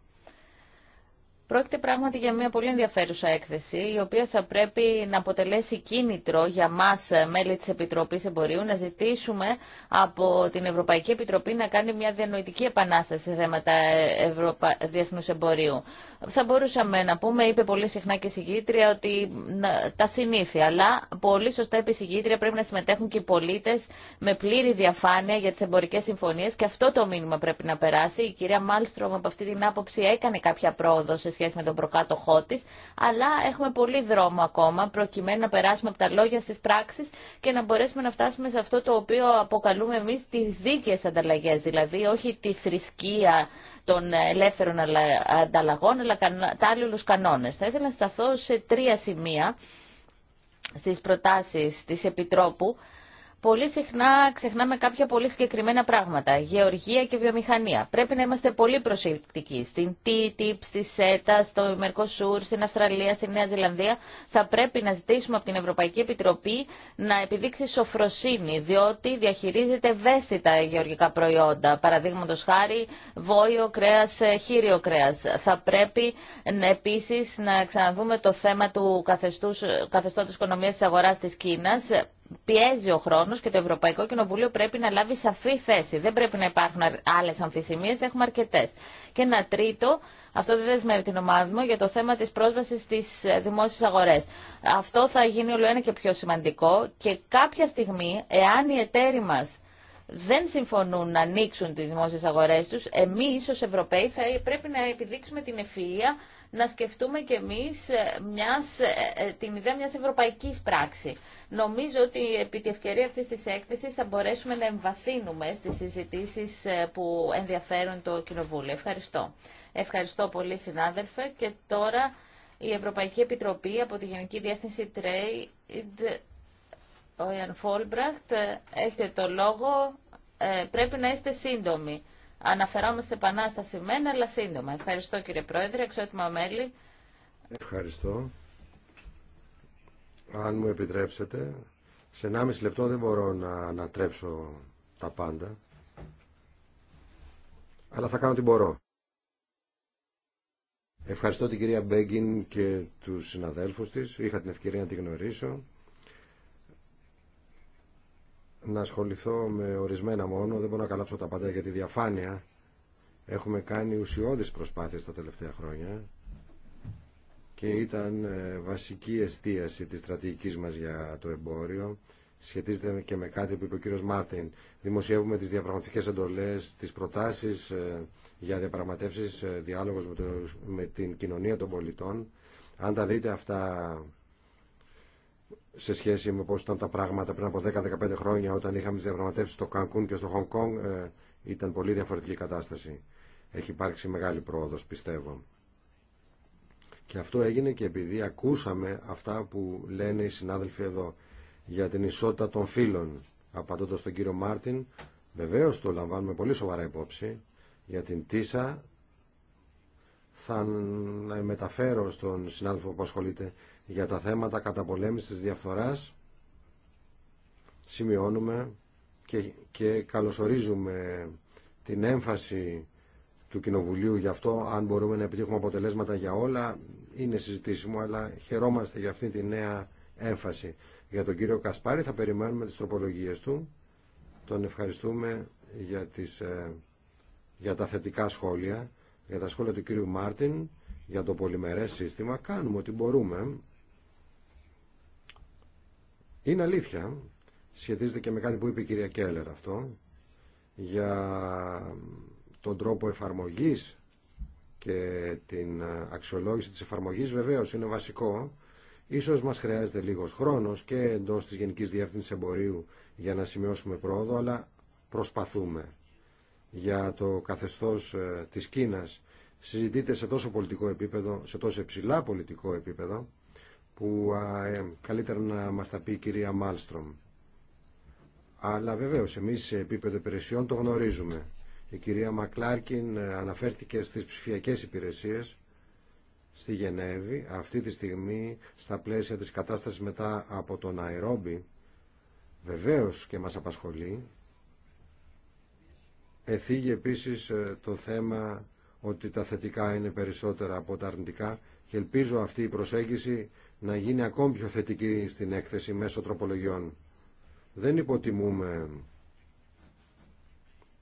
Πρόκειται πράγματι για μια πολύ ενδιαφέρουσα έκθεση, η οποία θα πρέπει να αποτελέσει κίνητρο για μα ε, μέλη τη Επιτροπής Εμπορίου να ζητήσουμε από την Ευρωπαϊκή Επιτροπή να κάνει μια διανοητική επανάσταση σε θέματα ε, Ευρωπα... εμπορίου. Θα μπορούσαμε να πούμε, είπε πολύ συχνά και η συγκήτρια, ότι τα συνήθεια, αλλά πολύ σωστά είπε η συγκήτρια πρέπει να συμμετέχουν και οι πολίτε με πλήρη διαφάνεια για τι εμπορικέ συμφωνίε και αυτό το μήνυμα πρέπει να περάσει. Η κυρία Μάλστρομ από αυτή την άποψη έκανε κάποια πρόοδο σχέση με τον προκάτοχό τη, αλλά έχουμε πολύ δρόμο ακόμα προκειμένου να περάσουμε από τα λόγια στι πράξει και να μπορέσουμε να φτάσουμε σε αυτό το οποίο αποκαλούμε εμεί τι δίκαιε ανταλλαγέ, δηλαδή όχι τη θρησκεία των ελεύθερων ανταλλαγών, αλλά κατάλληλου κανόνε. Θα ήθελα να σταθώ σε τρία σημεία στις προτάσεις της Επιτρόπου πολύ συχνά ξεχνάμε κάποια πολύ συγκεκριμένα πράγματα. Γεωργία και βιομηχανία. Πρέπει να είμαστε πολύ προσεκτικοί. Στην TTIP, στη ΣΕΤΑ, στο Μερκοσούρ, στην Αυστραλία, στη Νέα Ζηλανδία. Θα πρέπει να ζητήσουμε από την Ευρωπαϊκή Επιτροπή να επιδείξει σοφροσύνη, διότι διαχειρίζεται ευαίσθητα γεωργικά προϊόντα. Παραδείγματο χάρη, βόηο κρέα, ε, χείριο κρέα. Θα πρέπει ε, επίση να ξαναδούμε το θέμα του ε, καθεστώτο οικονομία τη αγορά τη Κίνα πιέζει ο χρόνος και το Ευρωπαϊκό Κοινοβούλιο πρέπει να λάβει σαφή θέση. Δεν πρέπει να υπάρχουν άλλε αμφισημίε, έχουμε αρκετέ. Και ένα τρίτο, αυτό δεν δεσμεύει την ομάδα μου, για το θέμα της πρόσβασης στι ε, δημόσιε αγορέ. Αυτό θα γίνει όλο ένα και πιο σημαντικό και κάποια στιγμή, εάν οι εταίροι μας δεν συμφωνούν να ανοίξουν τις δημόσιες αγορές τους, εμείς ως Ευρωπαίοι θα πρέπει να επιδείξουμε την ευφυΐα να σκεφτούμε κι εμείς ε, μιας, ε, ε, την ιδέα μιας ευρωπαϊκής πράξης. Νομίζω ότι επί τη ευκαιρία αυτής της έκθεσης θα μπορέσουμε να εμβαθύνουμε στις συζητήσεις που ενδιαφέρουν το Κοινοβούλιο. Ευχαριστώ. Ευχαριστώ πολύ συνάδελφε και τώρα η Ευρωπαϊκή Επιτροπή από τη Γενική Διεύθυνση Trade ο Ιαν Φόλμπραχτ, ε, έχετε το λόγο, ε, πρέπει να είστε σύντομοι. Αναφερόμαστε επανάσταση μένα, αλλά σύντομα. Ευχαριστώ κύριε Πρόεδρε, εξότιμα μέλη. Ευχαριστώ. Αν μου επιτρέψετε, σε 1,5 λεπτό δεν μπορώ να ανατρέψω τα πάντα, αλλά θα κάνω ό,τι μπορώ. Ευχαριστώ την κυρία Μπέγκιν και τους συναδέλφους της. Είχα την ευκαιρία να τη γνωρίσω να ασχοληθώ με ορισμένα μόνο, δεν μπορώ να καλάψω τα πάντα για τη διαφάνεια. Έχουμε κάνει ουσιώδεις προσπάθειες τα τελευταία χρόνια και ήταν ε, βασική εστίαση της στρατηγικής μας για το εμπόριο. Σχετίζεται και με κάτι που είπε ο κύριος Μάρτιν. Δημοσιεύουμε τις διαπραγματικές εντολές, τις προτάσεις ε, για διαπραγματεύσεις, ε, διάλογος με την κοινωνία των πολιτών. Αν τα δείτε αυτά σε σχέση με πώ ήταν τα πράγματα πριν από 10-15 χρόνια όταν είχαμε τι διαπραγματεύσει στο Κανκούν και στο Χονγκ Κονγκ ε, ήταν πολύ διαφορετική κατάσταση. Έχει υπάρξει μεγάλη πρόοδο, πιστεύω. Και αυτό έγινε και επειδή ακούσαμε αυτά που λένε οι συνάδελφοι εδώ για την ισότητα των φίλων. απαντώντα τον κύριο Μάρτιν, βεβαίω το λαμβάνουμε πολύ σοβαρά υπόψη, για την ΤΙΣΑ θα μεταφέρω στον συνάδελφο που ασχολείται για τα θέματα καταπολέμησης της διαφθοράς σημειώνουμε και, και καλωσορίζουμε την έμφαση του Κοινοβουλίου γι' αυτό, αν μπορούμε να επιτύχουμε αποτελέσματα για όλα, είναι συζητήσιμο, αλλά χαιρόμαστε για αυτή τη νέα έμφαση. Για τον κύριο Κασπάρη θα περιμένουμε τις τροπολογίες του. Τον ευχαριστούμε για, τις, ε, για τα θετικά σχόλια, για τα σχόλια του κύριου Μάρτιν, για το πολυμερές σύστημα. Κάνουμε ό,τι μπορούμε είναι αλήθεια, σχετίζεται και με κάτι που είπε η κυρία Κέλλερ αυτό, για τον τρόπο εφαρμογής και την αξιολόγηση της εφαρμογής βεβαίως είναι βασικό. Ίσως μας χρειάζεται λίγος χρόνος και εντός της Γενικής Διεύθυνσης Εμπορίου για να σημειώσουμε πρόοδο, αλλά προσπαθούμε. Για το καθεστώς ε, της Κίνας συζητείται σε τόσο πολιτικό επίπεδο, σε τόσο υψηλά πολιτικό επίπεδο, που ε, καλύτερα να μας τα πει η κυρία Μάλστρομ. Αλλά βεβαίως εμείς σε επίπεδο υπηρεσιών το γνωρίζουμε. Η κυρία Μακλάρκιν ε, αναφέρθηκε στις ψηφιακές υπηρεσίες στη Γενέβη. Αυτή τη στιγμή στα πλαίσια της κατάστασης μετά από τον Αϊρόμπι βεβαίως και μας απασχολεί. έθιγε επίσης ε, το θέμα ότι τα θετικά είναι περισσότερα από τα αρνητικά και ελπίζω αυτή η προσέγγιση να γίνει ακόμη πιο θετική στην έκθεση μέσω τροπολογιών. Δεν υποτιμούμε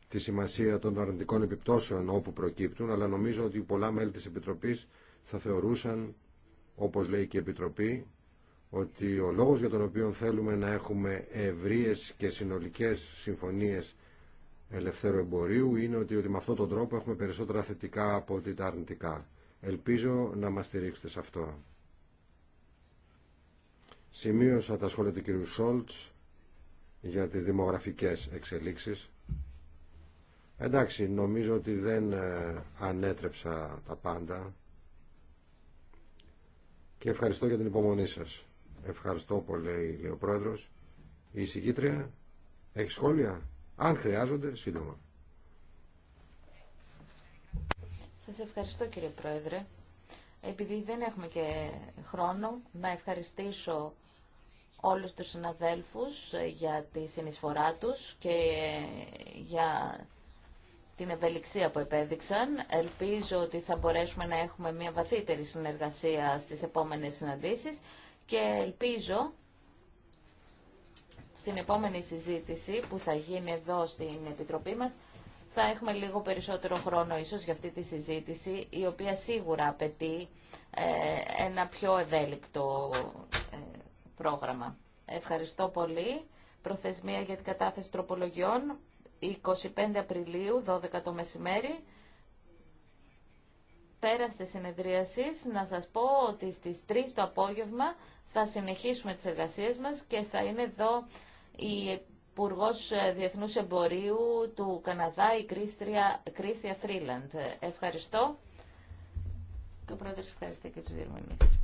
τη σημασία των αρνητικών επιπτώσεων όπου προκύπτουν, αλλά νομίζω ότι πολλά μέλη της Επιτροπής θα θεωρούσαν, όπως λέει και η Επιτροπή, ότι ο λόγος για τον οποίο θέλουμε να έχουμε ευρείες και συνολικές συμφωνίες ελευθέρου εμπορίου είναι ότι, ότι με αυτόν τον τρόπο έχουμε περισσότερα θετικά από ότι τα αρνητικά. Ελπίζω να μας στηρίξετε σε αυτό. Σημείωσα τα σχόλια του κυρίου Σόλτς για τις δημογραφικές εξελίξεις. Εντάξει, νομίζω ότι δεν ε, ανέτρεψα τα πάντα και ευχαριστώ για την υπομονή σας. Ευχαριστώ πολύ, λέει ο Πρόεδρος. Η συγκήτρια έχει σχόλια, αν χρειάζονται, σύντομα. Σας ευχαριστώ κύριε Πρόεδρε επειδή δεν έχουμε και χρόνο, να ευχαριστήσω όλους τους συναδέλφους ε, για τη συνεισφορά τους και ε, για την ευελιξία που επέδειξαν. Ελπίζω ότι θα μπορέσουμε να έχουμε μια βαθύτερη συνεργασία στις επόμενες συναντήσεις και ελπίζω στην επόμενη συζήτηση που θα γίνει εδώ στην Επιτροπή μας θα έχουμε λίγο περισσότερο χρόνο ίσως για αυτή τη συζήτηση, η οποία σίγουρα απαιτεί ε, ένα πιο ευέλικτο ε, πρόγραμμα. Ευχαριστώ πολύ. Προθεσμία για την κατάθεση τροπολογιών 25 Απριλίου, 12 το μεσημέρι. Πέρα τη συνεδρίαση, να σας πω ότι στις 3 το απόγευμα θα συνεχίσουμε τις εργασίες μας και θα είναι εδώ η Υπουργό ε, Διεθνούς Εμπορίου του Καναδά, η Κρίστια Φρίλαντ. Ε, ευχαριστώ. Και ο Πρόεδρος ευχαριστεί και τους διερμηνείς.